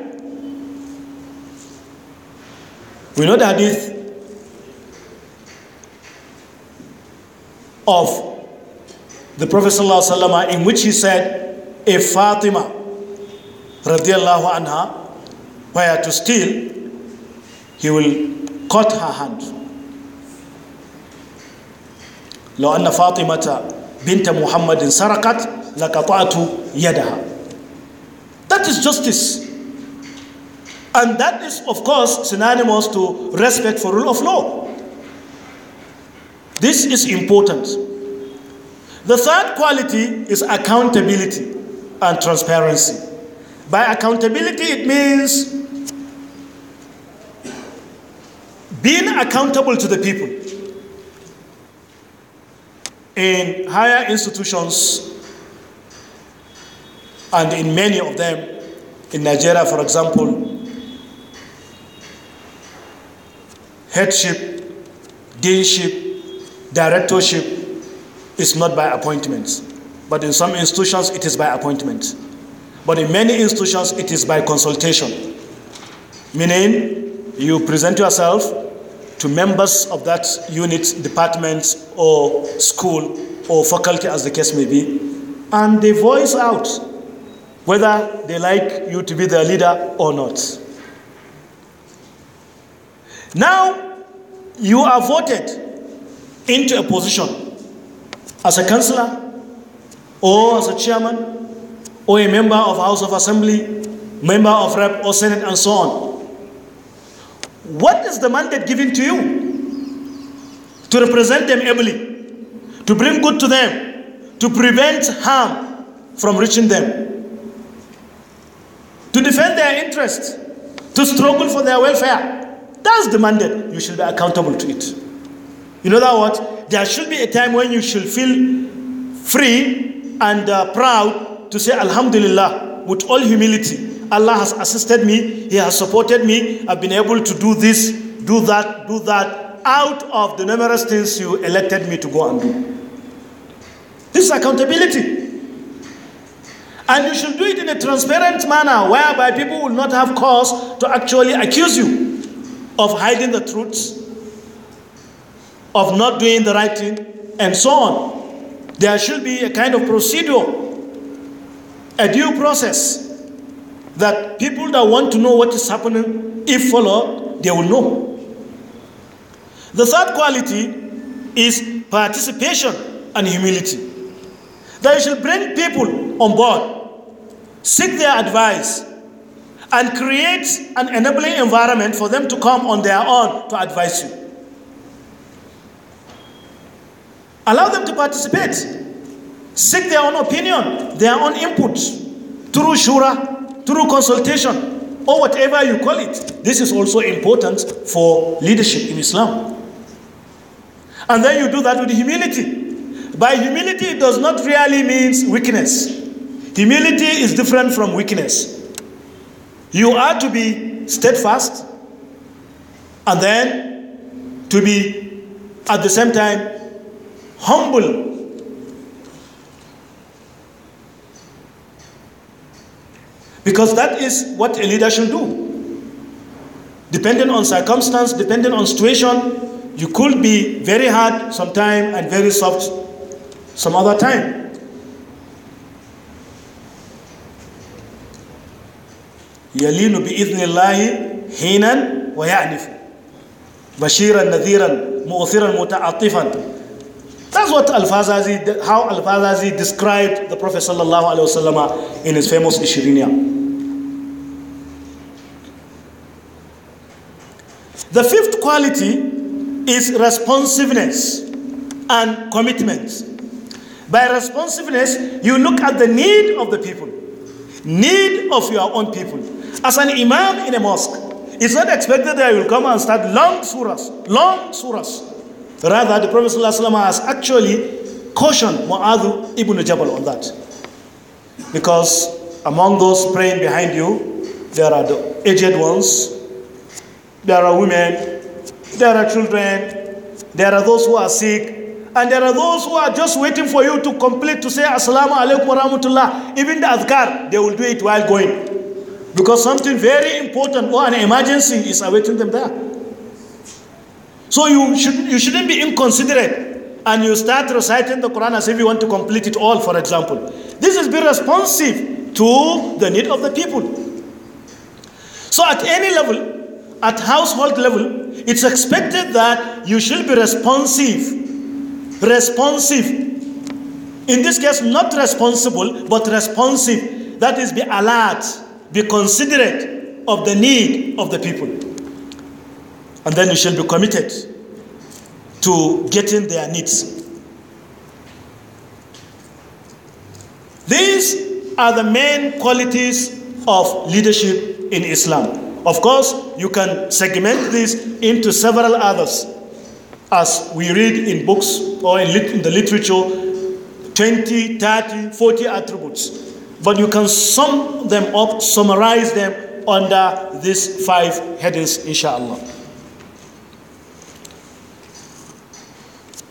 We know the hadith of the Prophet ﷺ in which he said, If Fatima radiallahu anha were to steal, he will cut her hand law anna fatimata binta muhammadin sarakat laqata'tu yadaha that is justice and that is of course synonymous to respect for rule of law this is important the third quality is accountability and transparency by accountability it means being accountable to the people in higher institutions and in many of them in Nigeria for example headship deanship directorship is not by appointment but in some institutions it is by appointment but in many institutions it is by consultation meaning you present yourself to members of that unit, department, or school, or faculty, as the case may be, and they voice out whether they like you to be their leader or not. Now, you are voted into a position as a councillor, or as a chairman, or a member of House of Assembly, member of Rep or Senate, and so on. What is the mandate given to you? To represent them ably, to bring good to them, to prevent harm from reaching them, to defend their interests, to struggle for their welfare. That's the mandate. You should be accountable to it. In other words, there should be a time when you should feel free and uh, proud to say, Alhamdulillah, with all humility, Allah has assisted me, He has supported me, I've been able to do this, do that, do that, out of the numerous things you elected me to go and do. This is accountability. And you should do it in a transparent manner whereby people will not have cause to actually accuse you of hiding the truths, of not doing the right thing, and so on. There should be a kind of procedure, a due process that people that want to know what is happening, if followed, they will know. The third quality is participation and humility. That you should bring people on board, seek their advice, and create an enabling environment for them to come on their own to advise you. Allow them to participate, seek their own opinion, their own input through shura, through consultation or whatever you call it. This is also important for leadership in Islam. And then you do that with humility. By humility, it does not really mean weakness. Humility is different from weakness. You are to be steadfast and then to be at the same time humble Because that is what a leader should do. Depending on circumstance, depending on situation, you could be very hard sometime and very soft some other time. يلين بإذن الله حينا ويعنف بشيرا نذيرا مؤثرا متعطفا That's what Al-Fazazi, how Al-Fazazi described the Prophet sallallahu alaihi wasallam in his famous Ishirinia. The fifth quality is responsiveness and commitment. By responsiveness, you look at the need of the people, need of your own people. As an imam in a mosque, it's not expected that you will come and start long surahs, long surahs. Rather, the Prophet ﷺ has actually cautioned Mu'adh ibn Jabal on that. Because among those praying behind you, there are the aged ones, there are women, there are children, there are those who are sick, and there are those who are just waiting for you to complete to say Assalamu alaikum wa rahmatullah. Even the azkar, they will do it while going. Because something very important or an emergency is awaiting them there. So you, should, you shouldn't be inconsiderate and you start reciting the Quran as if you want to complete it all, for example. This is be responsive to the need of the people. So at any level, at household level, it's expected that you should be responsive. Responsive. In this case, not responsible, but responsive. That is, be alert, be considerate of the need of the people. And then you shall be committed to getting their needs. These are the main qualities of leadership in Islam. Of course, you can segment this into several others. As we read in books or in, lit- in the literature, 20, 30, 40 attributes. But you can sum them up, summarize them under these five headings, inshallah.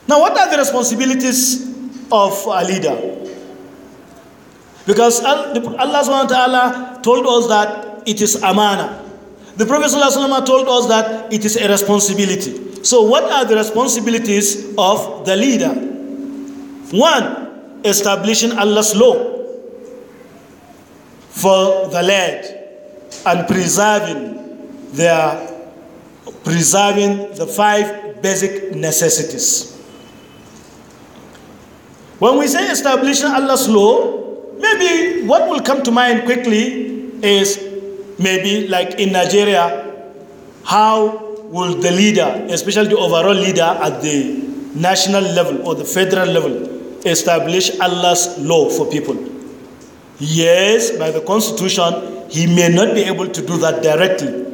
Now, what are the responsibilities of a leader? Because Allah wa ta'ala told us that it is amana. The Prophet ﷺ told us that it is a responsibility. So, what are the responsibilities of the leader? One, establishing Allah's law for the land and preserving their preserving the five basic necessities. When we say establishing Allah's law, maybe what will come to mind quickly is maybe like in Nigeria, how will the leader, especially the overall leader at the national level or the federal level, establish Allah's law for people? Yes, by the constitution, he may not be able to do that directly.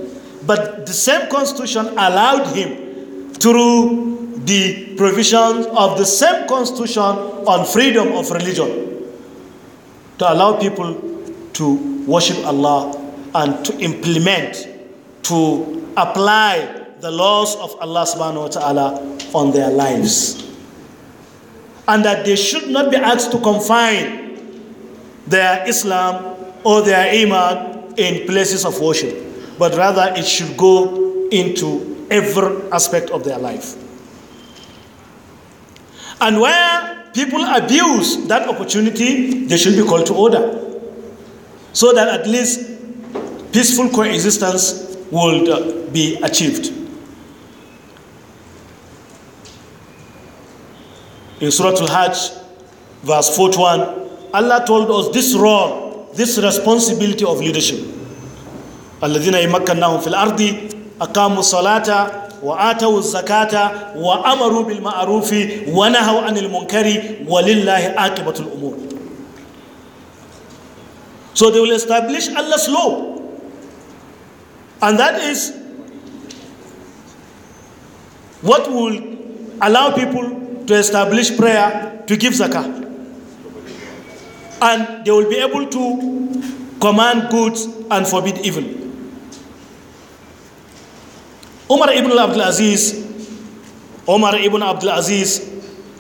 But the same constitution allowed him through the provisions of the same constitution on freedom of religion to allow people to worship Allah and to implement, to apply the laws of Allah subhanahu wa ta'ala on their lives. And that they should not be asked to confine their Islam or their Iman in places of worship, but rather it should go into every aspect of their life. And where people abuse that opportunity, they should be called to order. So that at least peaceful coexistence would uh, be achieved. In Surah Al-Hajj, verse 41, Allah told us this role, this responsibility of leadership. الذين يمكنهم في الأرض أقاموا الصلاة وآتوا الزكاة وأمروا بالمعروف ونهوا عن المنكر ولله عاقبة الأمور. So they will establish Allah's law and that is what will allow people to establish prayer to give zakah. And they will be able to command good and forbid evil. Umar ibn Abdul Aziz, Umar ibn Abdul Aziz,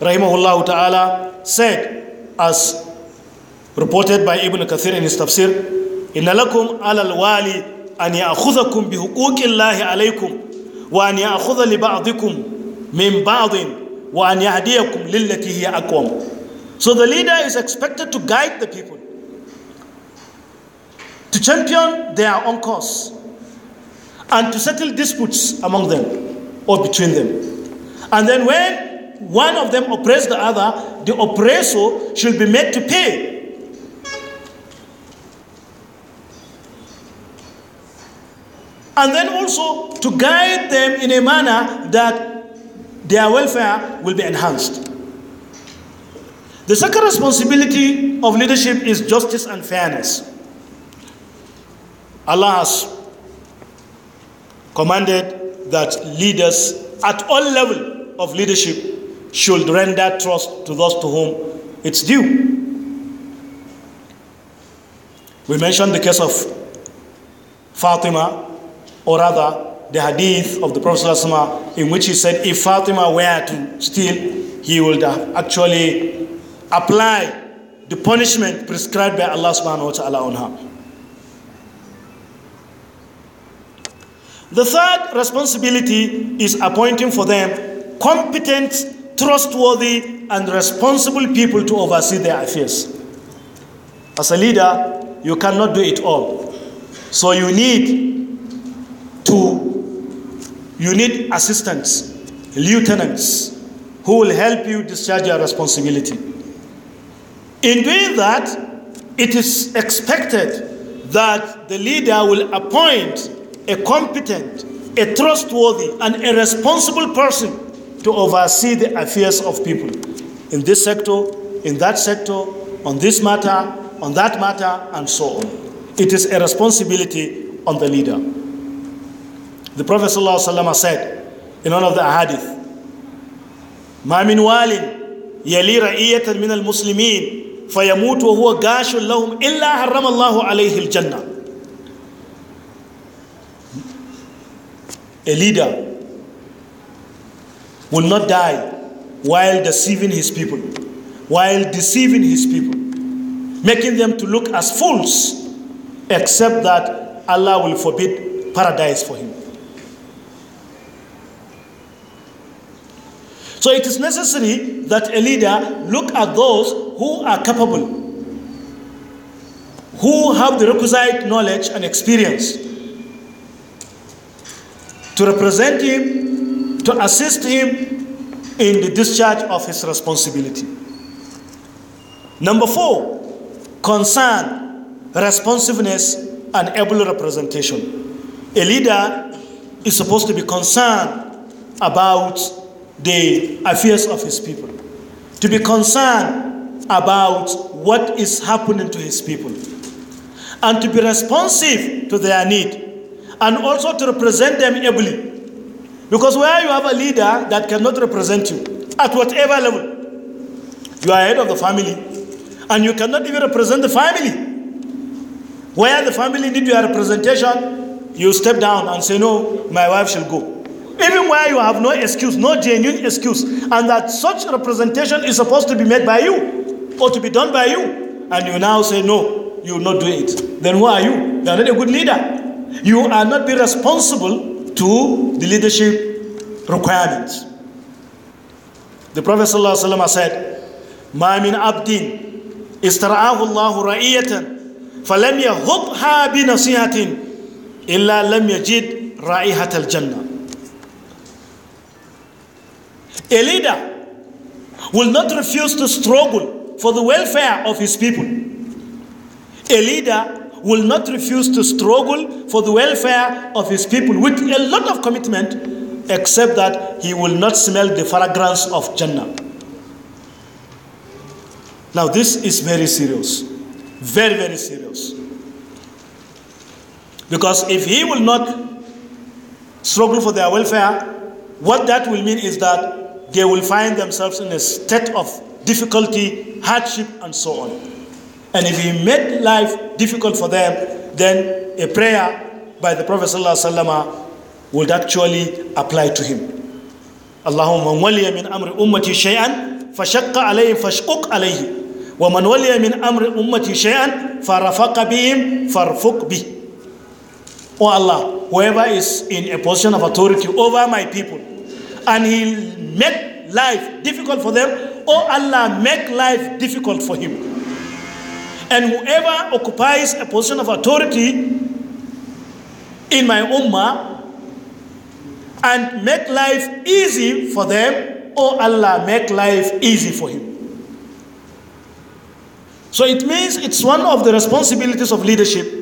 rahimahullah ta'ala, said, as reported by Ibn Kathir in his tafsir, إن لكم على الوالي an ya'khudhakum bi huquqillahi alaykum wa an ya'khudha li ba'dikum min ba'din wa an yahdiyakum lillati hiya aqwam so the leader is expected to guide the people to champion their own cause and to settle disputes among them or between them and then when one of them oppresses the other the oppressor should be made to pay And then also to guide them in a manner that their welfare will be enhanced. The second responsibility of leadership is justice and fairness. Allah has commanded that leaders at all level of leadership should render trust to those to whom it's due. We mentioned the case of Fatima or rather the hadith of the Prophet ﷺ in which he said, if Fatima were to steal, he would actually apply the punishment prescribed by Allah subhanahu wa ta'ala on her. The third responsibility is appointing for them competent, trustworthy, and responsible people to oversee their affairs. As a leader, you cannot do it all. So you need to, you need assistants, lieutenants, who will help you discharge your responsibility. In doing that, it is expected that the leader will appoint a competent, a trustworthy, and a responsible person to oversee the affairs of people in this sector, in that sector, on this matter, on that matter, and so on. It is a responsibility on the leader. The Prophet ﷺ said in one of the ahadith, ما من وال يلي رعية من المسلمين فيموت وهو غاش لهم إلا حرم الله عليه الجنة A leader will not die while deceiving his people, while deceiving his people, making them to look as fools, except that Allah will forbid paradise for him. So it is necessary that a leader look at those who are capable, who have the requisite knowledge and experience to represent him, to assist him in the discharge of his responsibility. Number four, concern, responsiveness, and able representation. A leader is supposed to be concerned about the affairs of his people, to be concerned about what is happening to his people, and to be responsive to their need, and also to represent them ably. Because where you have a leader that cannot represent you at whatever level, you are head of the family, and you cannot even represent the family. Where the family need your representation, you step down and say, No, my wife shall go where you have no excuse, no genuine excuse, and that such representation is supposed to be made by you or to be done by you, and you now say, No, you will not do it, then who are you? You are not a good leader. You are not be responsible to the leadership requirements. The Prophet ﷺ said, abdin من عبد استرعاه الله رعية فلم يهبها illa إلا لم يجد al jannah." A leader will not refuse to struggle for the welfare of his people. A leader will not refuse to struggle for the welfare of his people with a lot of commitment, except that he will not smell the fragrance of Jannah. Now, this is very serious. Very, very serious. Because if he will not struggle for their welfare, what that will mean is that they will find themselves in a state of difficulty, hardship, and so on. And if He made life difficult for them, then a prayer by the Prophet ﷺ would actually apply to him. اللهم من ولي من أمر أمتي شيئا فشق عليه فاشقق عليه ومن ولي من أمر أمتي شيئا فرفق بهم فارفق به Oh Allah, whoever is in a position of authority over my people, and he'll make life difficult for them, or Allah make life difficult for him. And whoever occupies a position of authority in my ummah and make life easy for them, or Allah make life easy for him. So it means it's one of the responsibilities of leadership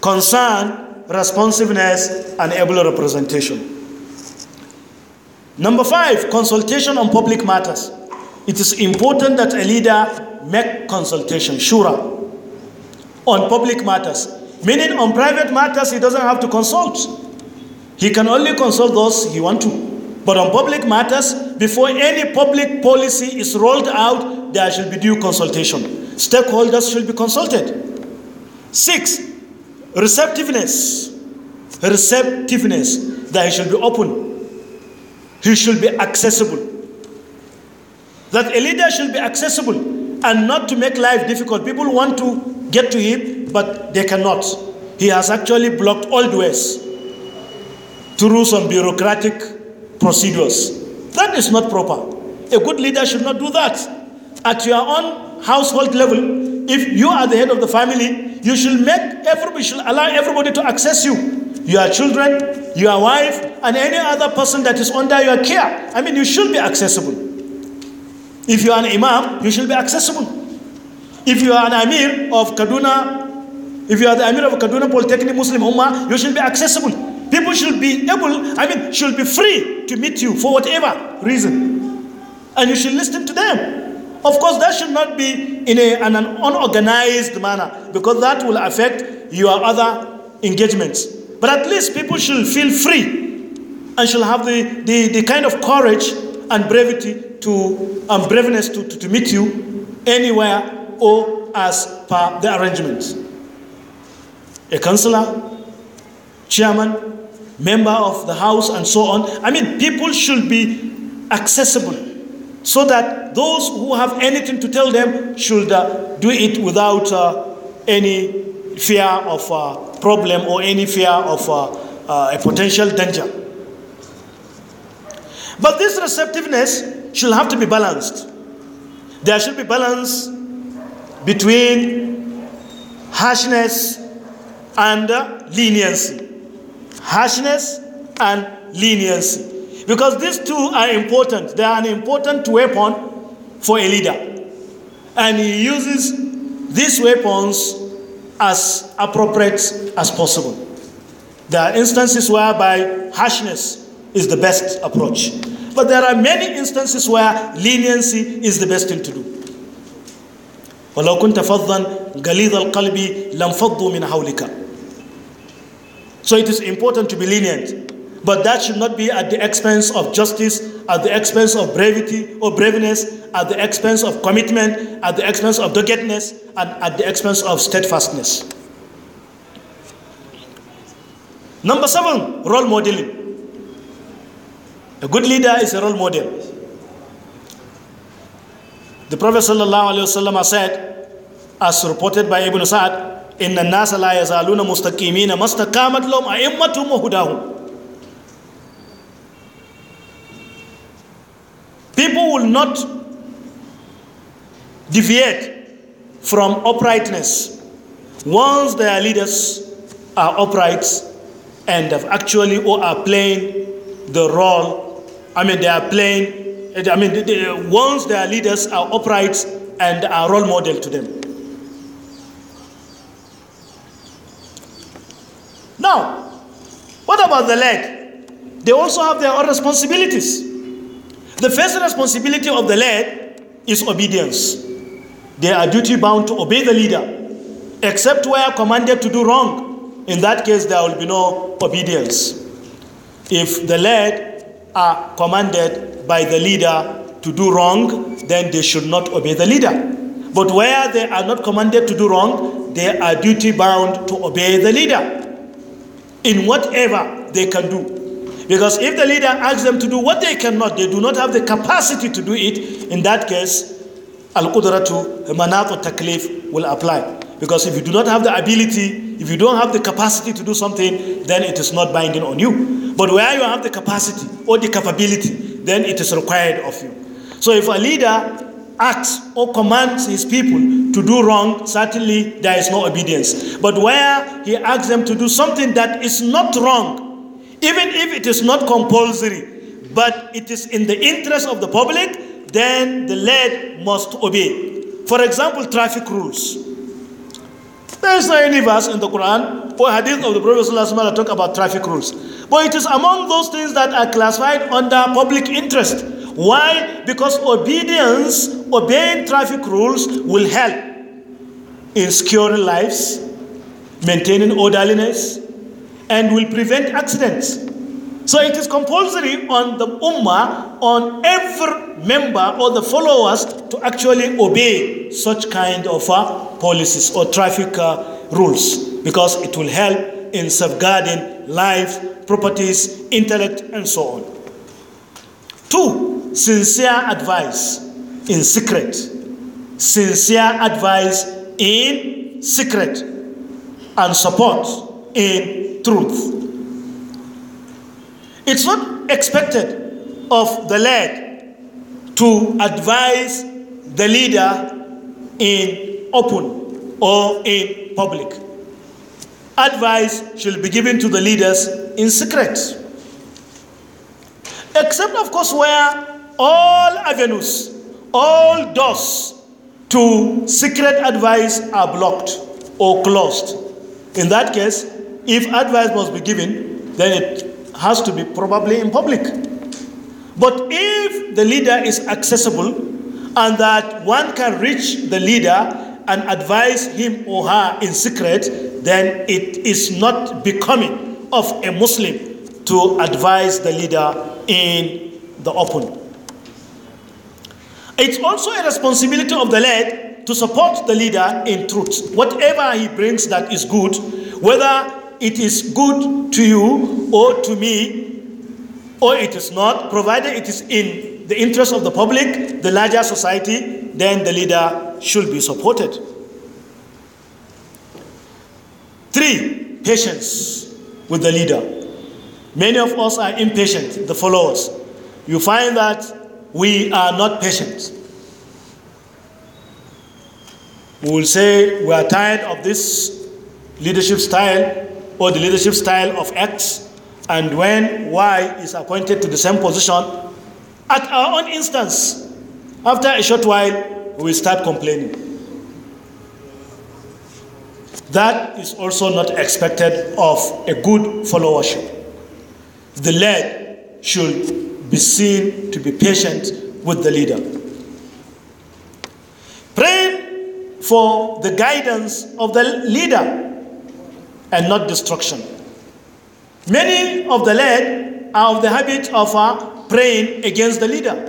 concern, responsiveness, and able representation. Number five, consultation on public matters. It is important that a leader make consultation, shura, on public matters. Meaning on private matters, he doesn't have to consult. He can only consult those he want to. But on public matters, before any public policy is rolled out, there should be due consultation. Stakeholders should be consulted. Six, receptiveness. Receptiveness, that he should be open he should be accessible. That a leader should be accessible and not to make life difficult. People want to get to him, but they cannot. He has actually blocked all the ways through some bureaucratic procedures. That is not proper. A good leader should not do that. At your own household level, if you are the head of the family, you should make everybody should allow everybody to access you your children, your wife, and any other person that is under your care. I mean, you should be accessible. If you are an imam, you should be accessible. If you are an amir of Kaduna, if you are the amir of Kaduna Polytechnic Muslim Ummah, you should be accessible. People should be able, I mean, should be free to meet you for whatever reason. And you should listen to them. Of course, that should not be in a, an unorganized manner because that will affect your other engagements. But at least people should feel free and should have the, the, the kind of courage and brevity to and um, braveness to, to, to meet you anywhere or as per the arrangements. A councillor, chairman, member of the house, and so on. I mean, people should be accessible so that those who have anything to tell them should uh, do it without uh, any fear of uh, problem or any fear of uh, uh, a potential danger. But this receptiveness should have to be balanced. There should be balance between harshness and leniency. Harshness and leniency. Because these two are important. They are an important weapon for a leader. And he uses these weapons as appropriate as possible. There are instances whereby harshness is the best approach. But there are many instances where leniency is the best thing to do. ولو كنت فظا غليظ القلب لانفضوا من حولك. So it is important to be lenient but that should not be at the expense of justice, at the expense of brevity or braveness, at the expense of commitment, at the expense of doggedness, and at the expense of steadfastness. Number seven, role modeling. A good leader is a role model. The Prophet ﷺ said, as reported by Ibn Sa'ad, إن الناس لا يزالون مستقيمين ما استقامت لهم أئمتهم وهداهم People will not deviate from uprightness once their leaders are upright and have actually or are playing the role. I mean, they are playing, I mean, they, they, once their leaders are upright and are role model to them. Now, what about the leg? They also have their own responsibilities. The first responsibility of the led is obedience. They are duty bound to obey the leader, except where commanded to do wrong. In that case, there will be no obedience. If the led are commanded by the leader to do wrong, then they should not obey the leader. But where they are not commanded to do wrong, they are duty bound to obey the leader in whatever they can do. Because if the leader asks them to do what they cannot, they do not have the capacity to do it, in that case, al qudratu manat or taklif will apply. Because if you do not have the ability, if you don't have the capacity to do something, then it is not binding on you. But where you have the capacity or the capability, then it is required of you. So if a leader acts or commands his people to do wrong, certainly there is no obedience. But where he asks them to do something that is not wrong, even if it is not compulsory, but it is in the interest of the public, then the lead must obey. For example, traffic rules. There is no any verse in the Quran or hadith of the Prophet that talk about traffic rules. But it is among those things that are classified under public interest. Why? Because obedience, obeying traffic rules will help in securing lives, maintaining orderliness, and will prevent accidents. So it is compulsory on the Ummah, on every member or the followers to actually obey such kind of uh, policies or traffic uh, rules because it will help in safeguarding life, properties, intellect, and so on. Two, sincere advice in secret. Sincere advice in secret and support in truth. It's not expected of the led to advise the leader in open or in public. Advice should be given to the leaders in secret. Except, of course, where all avenues, all doors to secret advice are blocked or closed. In that case, if advice must be given, then it has to be probably in public. But if the leader is accessible and that one can reach the leader and advise him or her in secret, then it is not becoming of a Muslim to advise the leader in the open. It's also a responsibility of the led to support the leader in truth. Whatever he brings that is good, whether it is good to you or to me, or it is not, provided it is in the interest of the public, the larger society, then the leader should be supported. Three, patience with the leader. Many of us are impatient, the followers. You find that we are not patient. We will say we are tired of this leadership style or the leadership style of X, and when Y is appointed to the same position, at our own instance, after a short while, we will start complaining. That is also not expected of a good followership. The led should be seen to be patient with the leader. Praying for the guidance of the leader and not destruction. Many of the led are of the habit of uh, praying against the leader.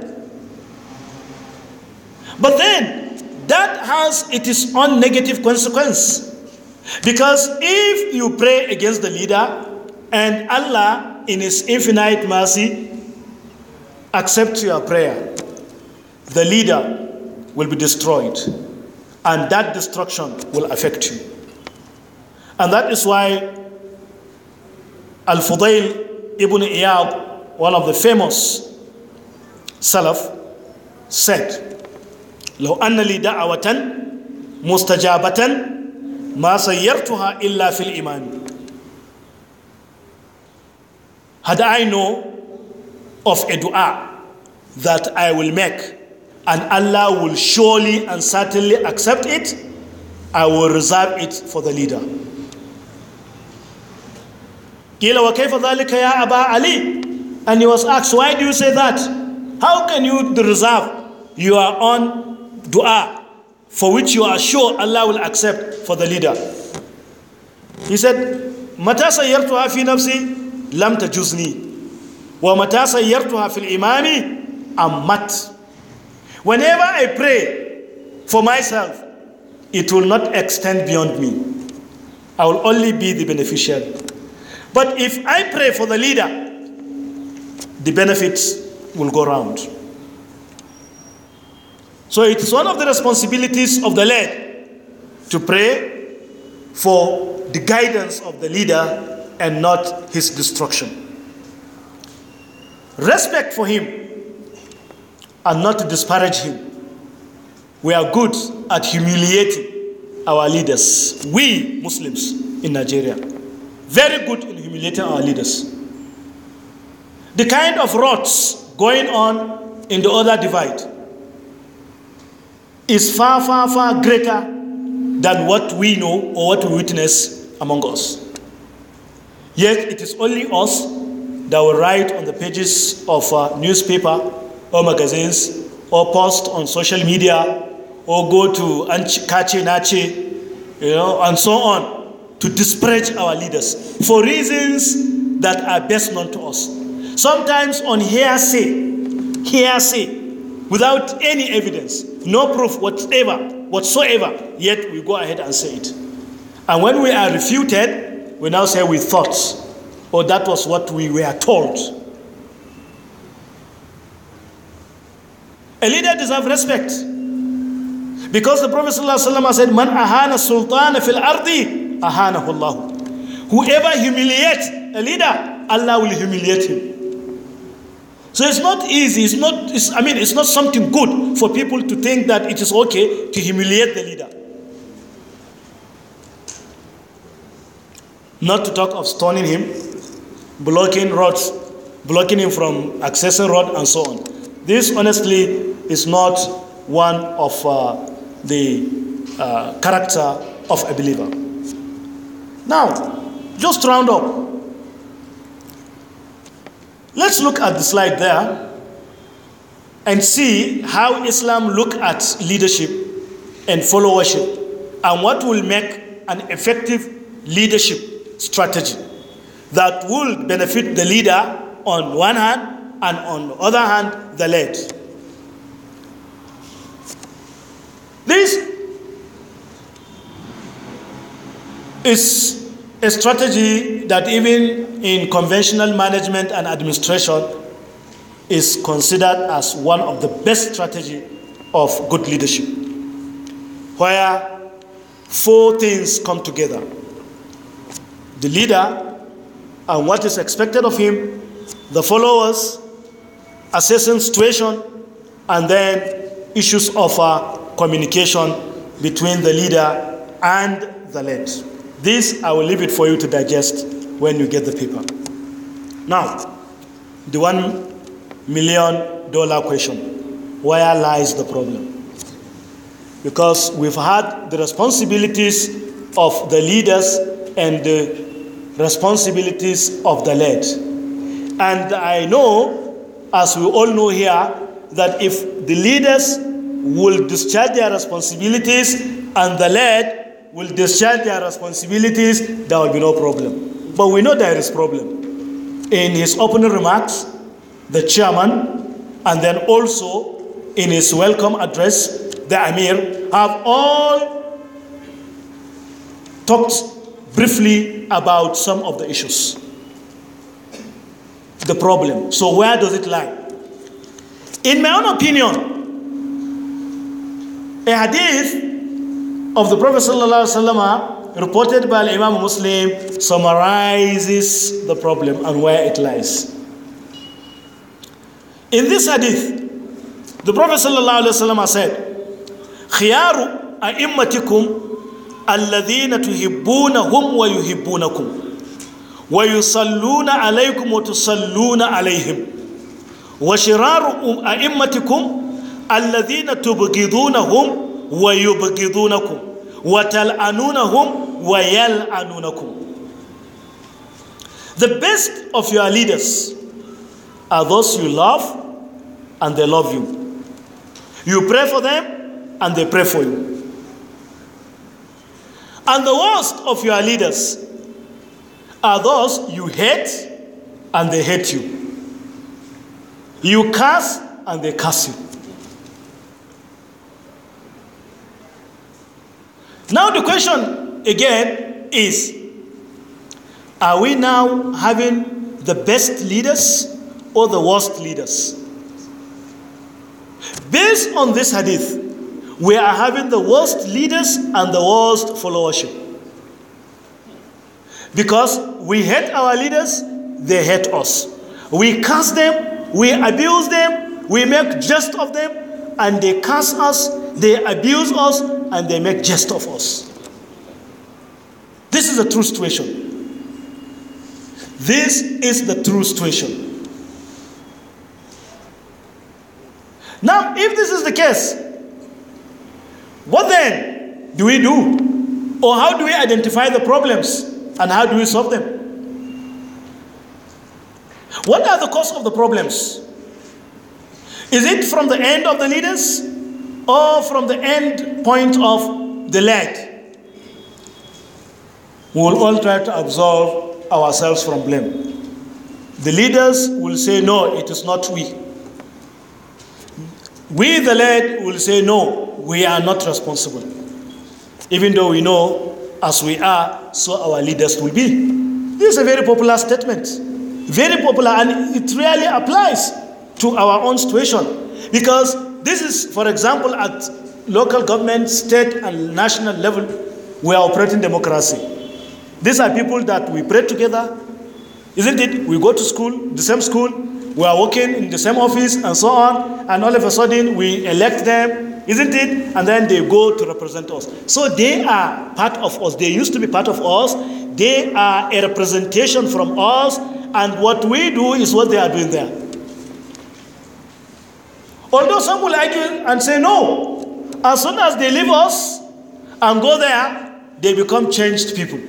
But then, that has its own negative consequence. Because if you pray against the leader and Allah, in His infinite mercy, accepts your prayer, the leader will be destroyed. And that destruction will affect you. And that is why Al Fudail ibn Iyad, one of the famous Salaf, said, لو أن لي دعوة مستجابة ما سيرتها إلا في الإيمان. Had I know of a dua that I will make and Allah will surely and certainly accept it, I will reserve it for the leader wa dhalika ya Aba Ali? And he was asked, why do you say that? How can you reserve your own dua for which you are sure Allah will accept for the leader? He said, متى سيرتها في نفسي لم تجزني ومتى سيرتها في imami ammat. Whenever I pray for myself, it will not extend beyond me. I will only be the beneficiary. But if I pray for the leader, the benefits will go round. So it is one of the responsibilities of the led to pray for the guidance of the leader and not his destruction. Respect for him and not to disparage him. We are good at humiliating our leaders. We Muslims in Nigeria. Very good in humiliating our leaders. The kind of rots going on in the other divide is far, far, far greater than what we know or what we witness among us. Yet it is only us that will write on the pages of a newspaper or magazines or post on social media or go to Anchi Kachi you know, and so on to disparage our leaders for reasons that are best known to us. Sometimes on hearsay, hearsay, without any evidence, no proof whatever, whatsoever, yet we go ahead and say it. And when we are refuted, we now say we thought, or that was what we were told. A leader deserves respect. Because the Prophet ﷺ said, Man ahana sultana fil ardi ahanahullahu. Whoever humiliates a leader, Allah will humiliate him. So it's not easy. It's not. It's, I mean, it's not something good for people to think that it is okay to humiliate the leader. Not to talk of stoning him, blocking roads, blocking him from accessing road, and so on. This honestly is not one of uh, the uh, character of a believer. Now, just round up. Let's look at the slide there and see how Islam look at leadership and followership and what will make an effective leadership strategy that will benefit the leader on one hand and on the other hand the led. This is a strategy that even in conventional management and administration is considered as one of the best strategy of good leadership where four things come together the leader and what is expected of him the followers assessing situation and then issues of uh, communication between the leader and the led this I will leave it for you to digest when you get the paper. Now, the one million dollar question where lies the problem? Because we've had the responsibilities of the leaders and the responsibilities of the led. And I know, as we all know here, that if the leaders will discharge their responsibilities and the led will discharge their responsibilities, there will be no problem. But we know there is problem. In his opening remarks, the chairman, and then also in his welcome address, the Amir, have all talked briefly about some of the issues. The problem. So, where does it lie? In my own opinion, a hadith of the Prophet sallallahu alaihi reported by Imam Muslim summarizes the problem and where it lies. In this hadith, the Prophet sallallahu alaihi wasallam said, "Khiyaru a'immatikum alladhina tuhibbuna hum wa yuhibbunakum wa yusalluna alaykum wa tusalluna alayhim wa shiraru a'immatikum alladhina tubghidunahum the best of your leaders are those you love and they love you you pray for them and they pray for you and the worst of your leaders are those you hate and they hate you. You curse and they curse you. Now, the question again is Are we now having the best leaders or the worst leaders? Based on this hadith, we are having the worst leaders and the worst followership. Because we hate our leaders, they hate us. We curse them, we abuse them, we make jest of them, and they curse us they abuse us, and they make jest of us. This is the true situation. This is the true situation. Now, if this is the case, what then do we do? Or how do we identify the problems and how do we solve them? What are the cause of the problems? Is it from the end of the leaders? or from the end point of the leg. We will all try to absolve ourselves from blame. The leaders will say, No, it is not we. We, the led, will say, No, we are not responsible. Even though we know as we are, so our leaders will be. This is a very popular statement. Very popular, and it really applies to our own situation because this is, for example, at local government, state, and national level, we are operating democracy. These are people that we pray together, isn't it? We go to school, the same school, we are working in the same office, and so on, and all of a sudden we elect them, isn't it? And then they go to represent us. So they are part of us. They used to be part of us. They are a representation from us, and what we do is what they are doing there. Although some will argue and say, no, as soon as they leave us and go there, they become changed people.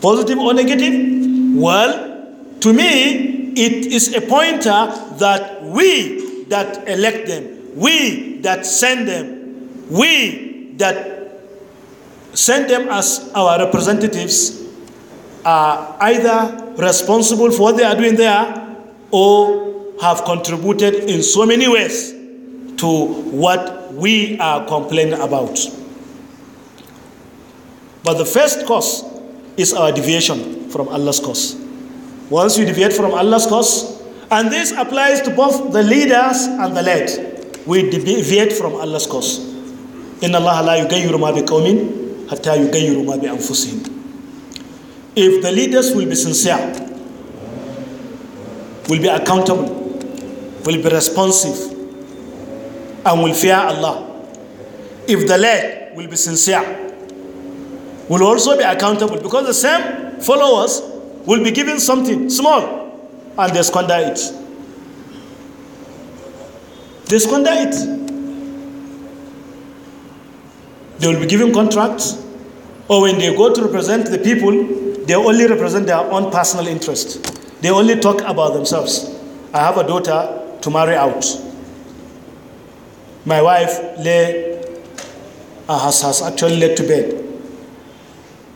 Positive or negative? Well, to me, it is a pointer that we that elect them, we that send them, we that send them as our representatives are either responsible for what they are doing there or have contributed in so many ways to what we are complaining about. But the first cause is our deviation from Allah's cause. Once you deviate from Allah's cause, and this applies to both the leaders and the led, we deviate from Allah's cause. In Allah la yugayiru ma biqawmin hatta yugayiru ma bi anfusihim. If the leaders will be sincere, will be accountable, will be responsive and will fear Allah. If the led will be sincere, will also be accountable because the same followers will be given something small and they squander it. They squander it. They will be given contracts, or when they go to represent the people, they only represent their own personal interest. They only talk about themselves. I have a daughter to marry out. My wife lay, uh, has, has actually laid to bed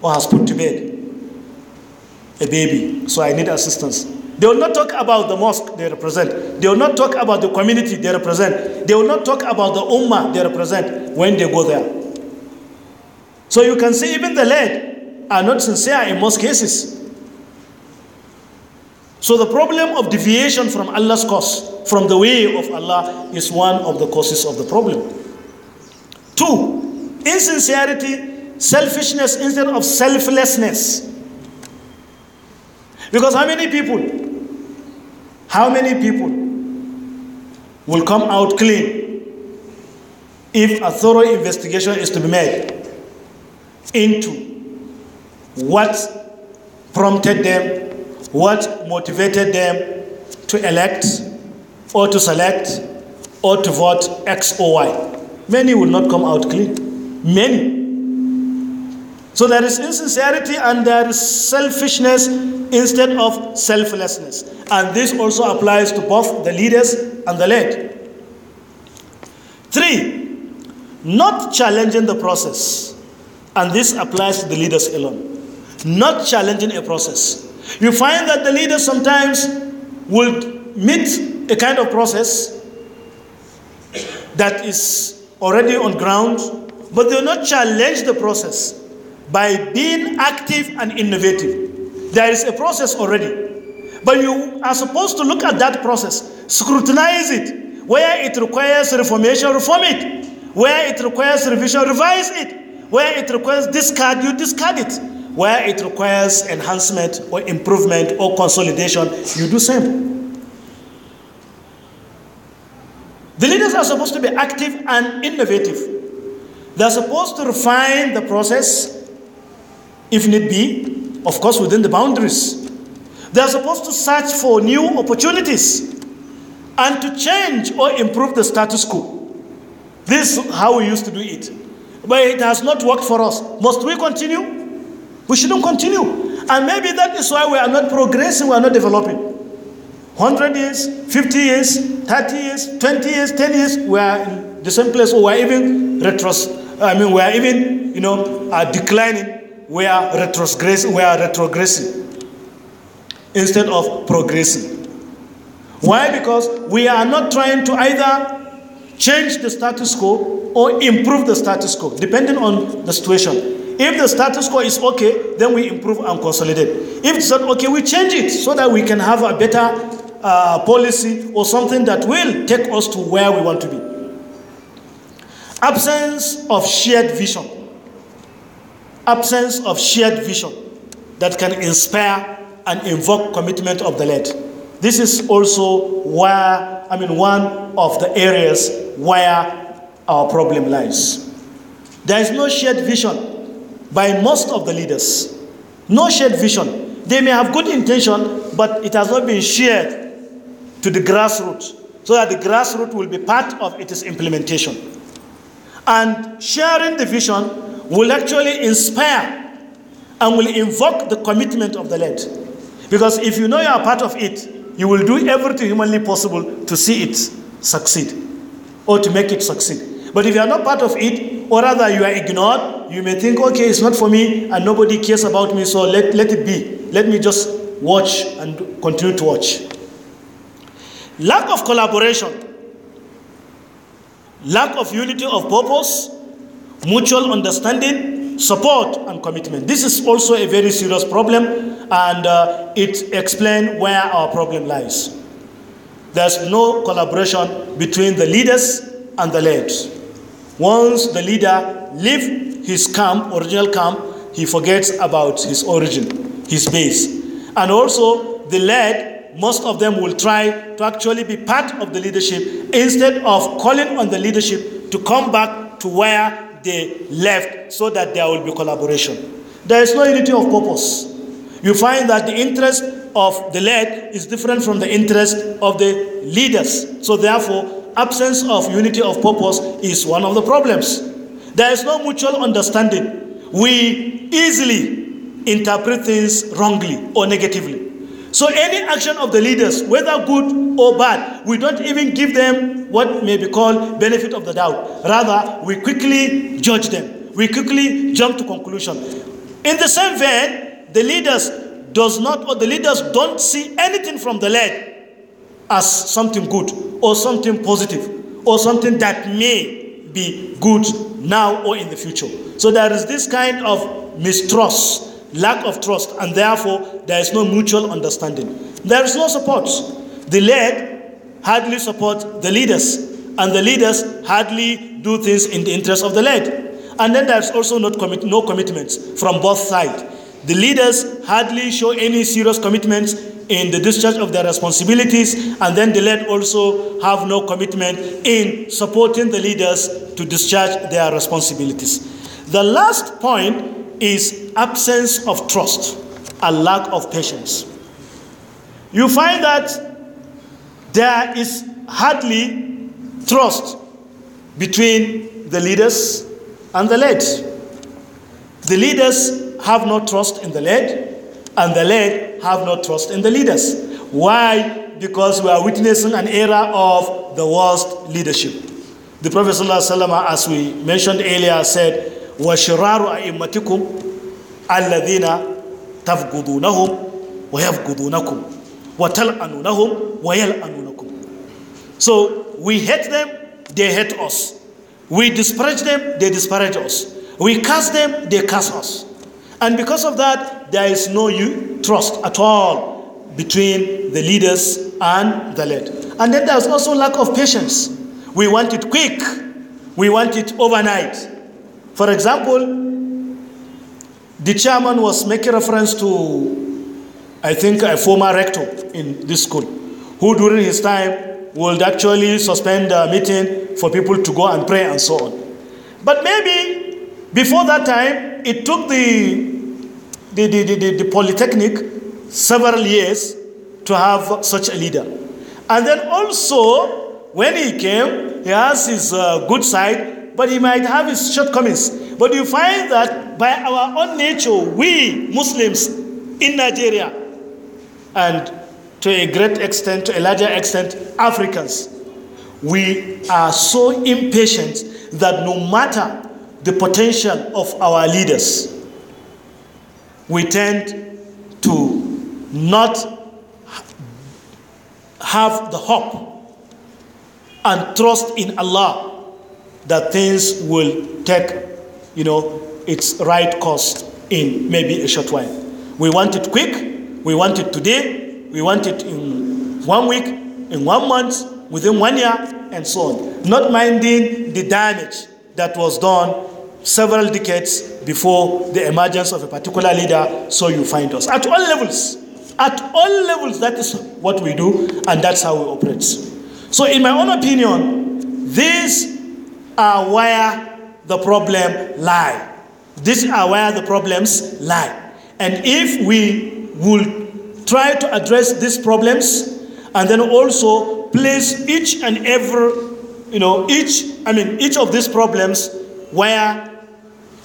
or has put to bed a baby, so I need assistance. They will not talk about the mosque they represent. They will not talk about the community they represent. They will not talk about the ummah they represent when they go there. So you can see even the led are not sincere in most cases. So the problem of deviation from Allah's cause, from the way of Allah, is one of the causes of the problem. Two, insincerity, selfishness instead of selflessness. Because how many people, how many people will come out clean if a thorough investigation is to be made into what prompted them what motivated them to elect or to select or to vote X or Y. Many will not come out clean. Many. So there is insincerity and there is selfishness instead of selflessness. And this also applies to both the leaders and the led. Three, not challenging the process. And this applies to the leaders alone. Not challenging a process. You find that the leader sometimes would meet a kind of process that is already on ground, but they will not challenge the process by being active and innovative. There is a process already, but you are supposed to look at that process, scrutinize it. Where it requires reformation, reform it. Where it requires revision, revise it. Where it requires discard, you discard it. Where it requires enhancement or improvement or consolidation, you do same. The leaders are supposed to be active and innovative. They're supposed to refine the process, if need be, of course, within the boundaries. They're supposed to search for new opportunities and to change or improve the status quo. This is how we used to do it. But it has not worked for us. Must we continue? We shouldn't continue. And maybe that is why we are not progressing, we are not developing. 100 years, 50 years, 30 years, 20 years, 10 years, we are in the same place, or we are even retros. I mean, we are even, you know, are declining. We are retrogressing. We are retrogressing instead of progressing. Why? Because we are not trying to either change the status quo or improve the status quo, depending on the situation. If the status quo is okay, then we improve and consolidate. If it's not okay, we change it so that we can have a better uh, policy or something that will take us to where we want to be. Absence of shared vision. Absence of shared vision that can inspire and invoke commitment of the led. This is also where, I mean, one of the areas where our problem lies. There is no shared vision by most of the leaders. No shared vision. They may have good intention, but it has not been shared to the grassroots so that the grassroots will be part of its implementation. And sharing the vision will actually inspire and will invoke the commitment of the led. Because if you know you are part of it, you will do everything humanly possible to see it succeed or to make it succeed. But if you are not part of it, or rather you are ignored, you may think, okay, it's not for me and nobody cares about me, so let, let it be. Let me just watch and continue to watch. Lack of collaboration, lack of unity of purpose, mutual understanding, support, and commitment. This is also a very serious problem, and uh, it explains where our problem lies. There's no collaboration between the leaders and the led. Once the leader leaves his camp, original camp, he forgets about his origin, his base. And also, the led, most of them will try to actually be part of the leadership instead of calling on the leadership to come back to where they left so that there will be collaboration. There is no unity of purpose. You find that the interest of the led is different from the interest of the leaders. So, therefore, absence of unity of purpose is one of the problems. There is no mutual understanding. We easily interpret things wrongly or negatively. So, any action of the leaders, whether good or bad, we don't even give them what may be called benefit of the doubt. Rather, we quickly judge them. We quickly jump to conclusion. In the same vein, the leaders does not, or the leaders don't see anything from the lead as something good or something positive or something that may be good now or in the future. So there is this kind of mistrust, lack of trust, and therefore there is no mutual understanding. There is no support. The led hardly support the leaders, and the leaders hardly do things in the interest of the led. And then there's also not commit, no commitments from both sides. The leaders hardly show any serious commitments in the discharge of their responsibilities, and then the led also have no commitment in supporting the leaders to discharge their responsibilities. The last point is absence of trust and lack of patience. You find that there is hardly trust between the leaders and the led. The leaders have no trust in the led, and the led have no trust in the leaders. Why? Because we are witnessing an era of the worst leadership. The Prophet, as we mentioned earlier, said, وَشِرَارُ أَئِمَّتِكُمْ الَّذِينَ تَفْقُدُونَهُمْ وَيَفْقُدُونَكُمْ وَتَلْأَنُونَهُمْ وَيَلْأَنُونَكُمْ So we hate them, they hate us. We disparage them, they disparage us. We curse them, they curse us. And because of that, there is no trust at all between the leaders and the led. And then there's also lack of patience. We want it quick, we want it overnight. For example, the chairman was making reference to, I think, a former rector in this school, who during his time would actually suspend a meeting for people to go and pray and so on. But maybe before that time, it took the, the, the, the, the Polytechnic several years to have such a leader. And then also, when he came, he has his uh, good side, but he might have his shortcomings. But you find that by our own nature, we Muslims in Nigeria, and to a great extent, to a larger extent, Africans, we are so impatient that no matter the potential of our leaders, we tend to not have the hope and trust in Allah that things will take, you know, its right course in maybe a short while. We want it quick, we want it today, we want it in one week, in one month, within one year, and so on. Not minding the damage that was done several decades before the emergence of a particular leader, so you find us at all levels. At all levels, that is what we do, and that's how we operate. So, in my own opinion, these are where the problem lie. These are where the problems lie. And if we will try to address these problems and then also place each and every, you know, each, I mean, each of these problems where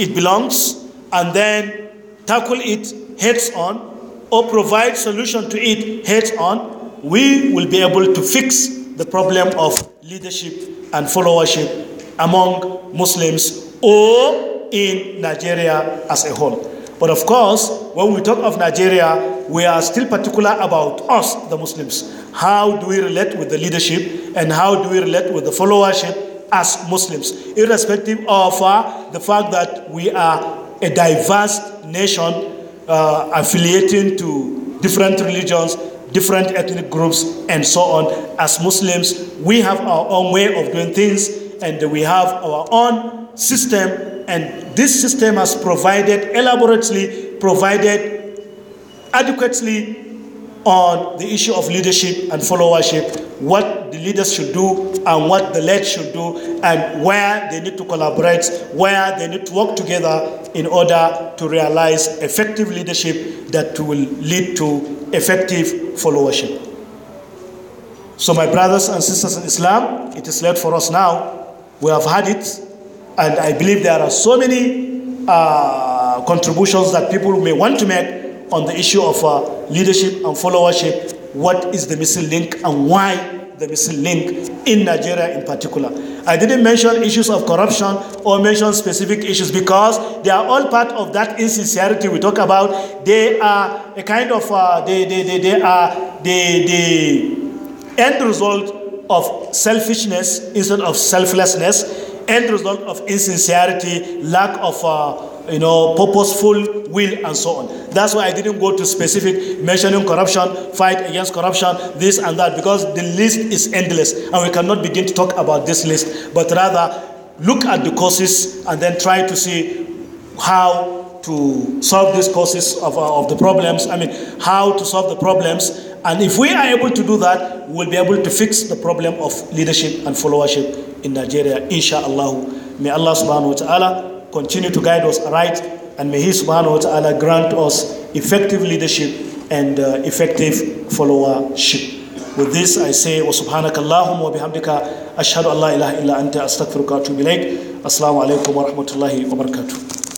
it belongs and then tackle it heads on or provide solution to it heads on, we will be able to fix the problem of leadership and followership among Muslims or in Nigeria as a whole. But of course, when we talk of Nigeria, we are still particular about us, the Muslims. How do we relate with the leadership and how do we relate with the followership as Muslims, irrespective of uh, the fact that we are a diverse nation uh, affiliating to different religions, different ethnic groups, and so on. As Muslims, we have our own way of doing things and we have our own system, and this system has provided elaborately, provided adequately on the issue of leadership and followership, what the leaders should do and what the led should do, and where they need to collaborate, where they need to work together in order to realize effective leadership that will lead to effective followership. So, my brothers and sisters in Islam, it is late for us now. We have had it, and I believe there are so many uh, contributions that people may want to make on the issue of uh, leadership and followership. What is the missing link and why the missing link in Nigeria in particular. I didn't mention issues of corruption or mention specific issues because they are all part of that insincerity we talk about. They are a kind of, uh, they, they, they, they are the, the end result of selfishness instead of selflessness, end result of insincerity, lack of uh, you know, purposeful will and so on. That's why I didn't go to specific mentioning corruption, fight against corruption, this and that, because the list is endless and we cannot begin to talk about this list, but rather look at the causes and then try to see how to solve these causes of, uh, of the problems. I mean, how to solve the problems. And if we are able to do that, we'll be able to fix the problem of leadership and followership in Nigeria, inshallah. May Allah subhanahu wa ta'ala continue to guide us right, and may He subhanahu wa ta'ala grant us effective leadership and uh, effective followership. With this, I say, wa subhanakallahumma wa bihamdika, ashhadu an la ilaha illa anta astaghfiruka wa atubu ilayk. Assalamu alaikum wa rahmatullahi wa barakatuh.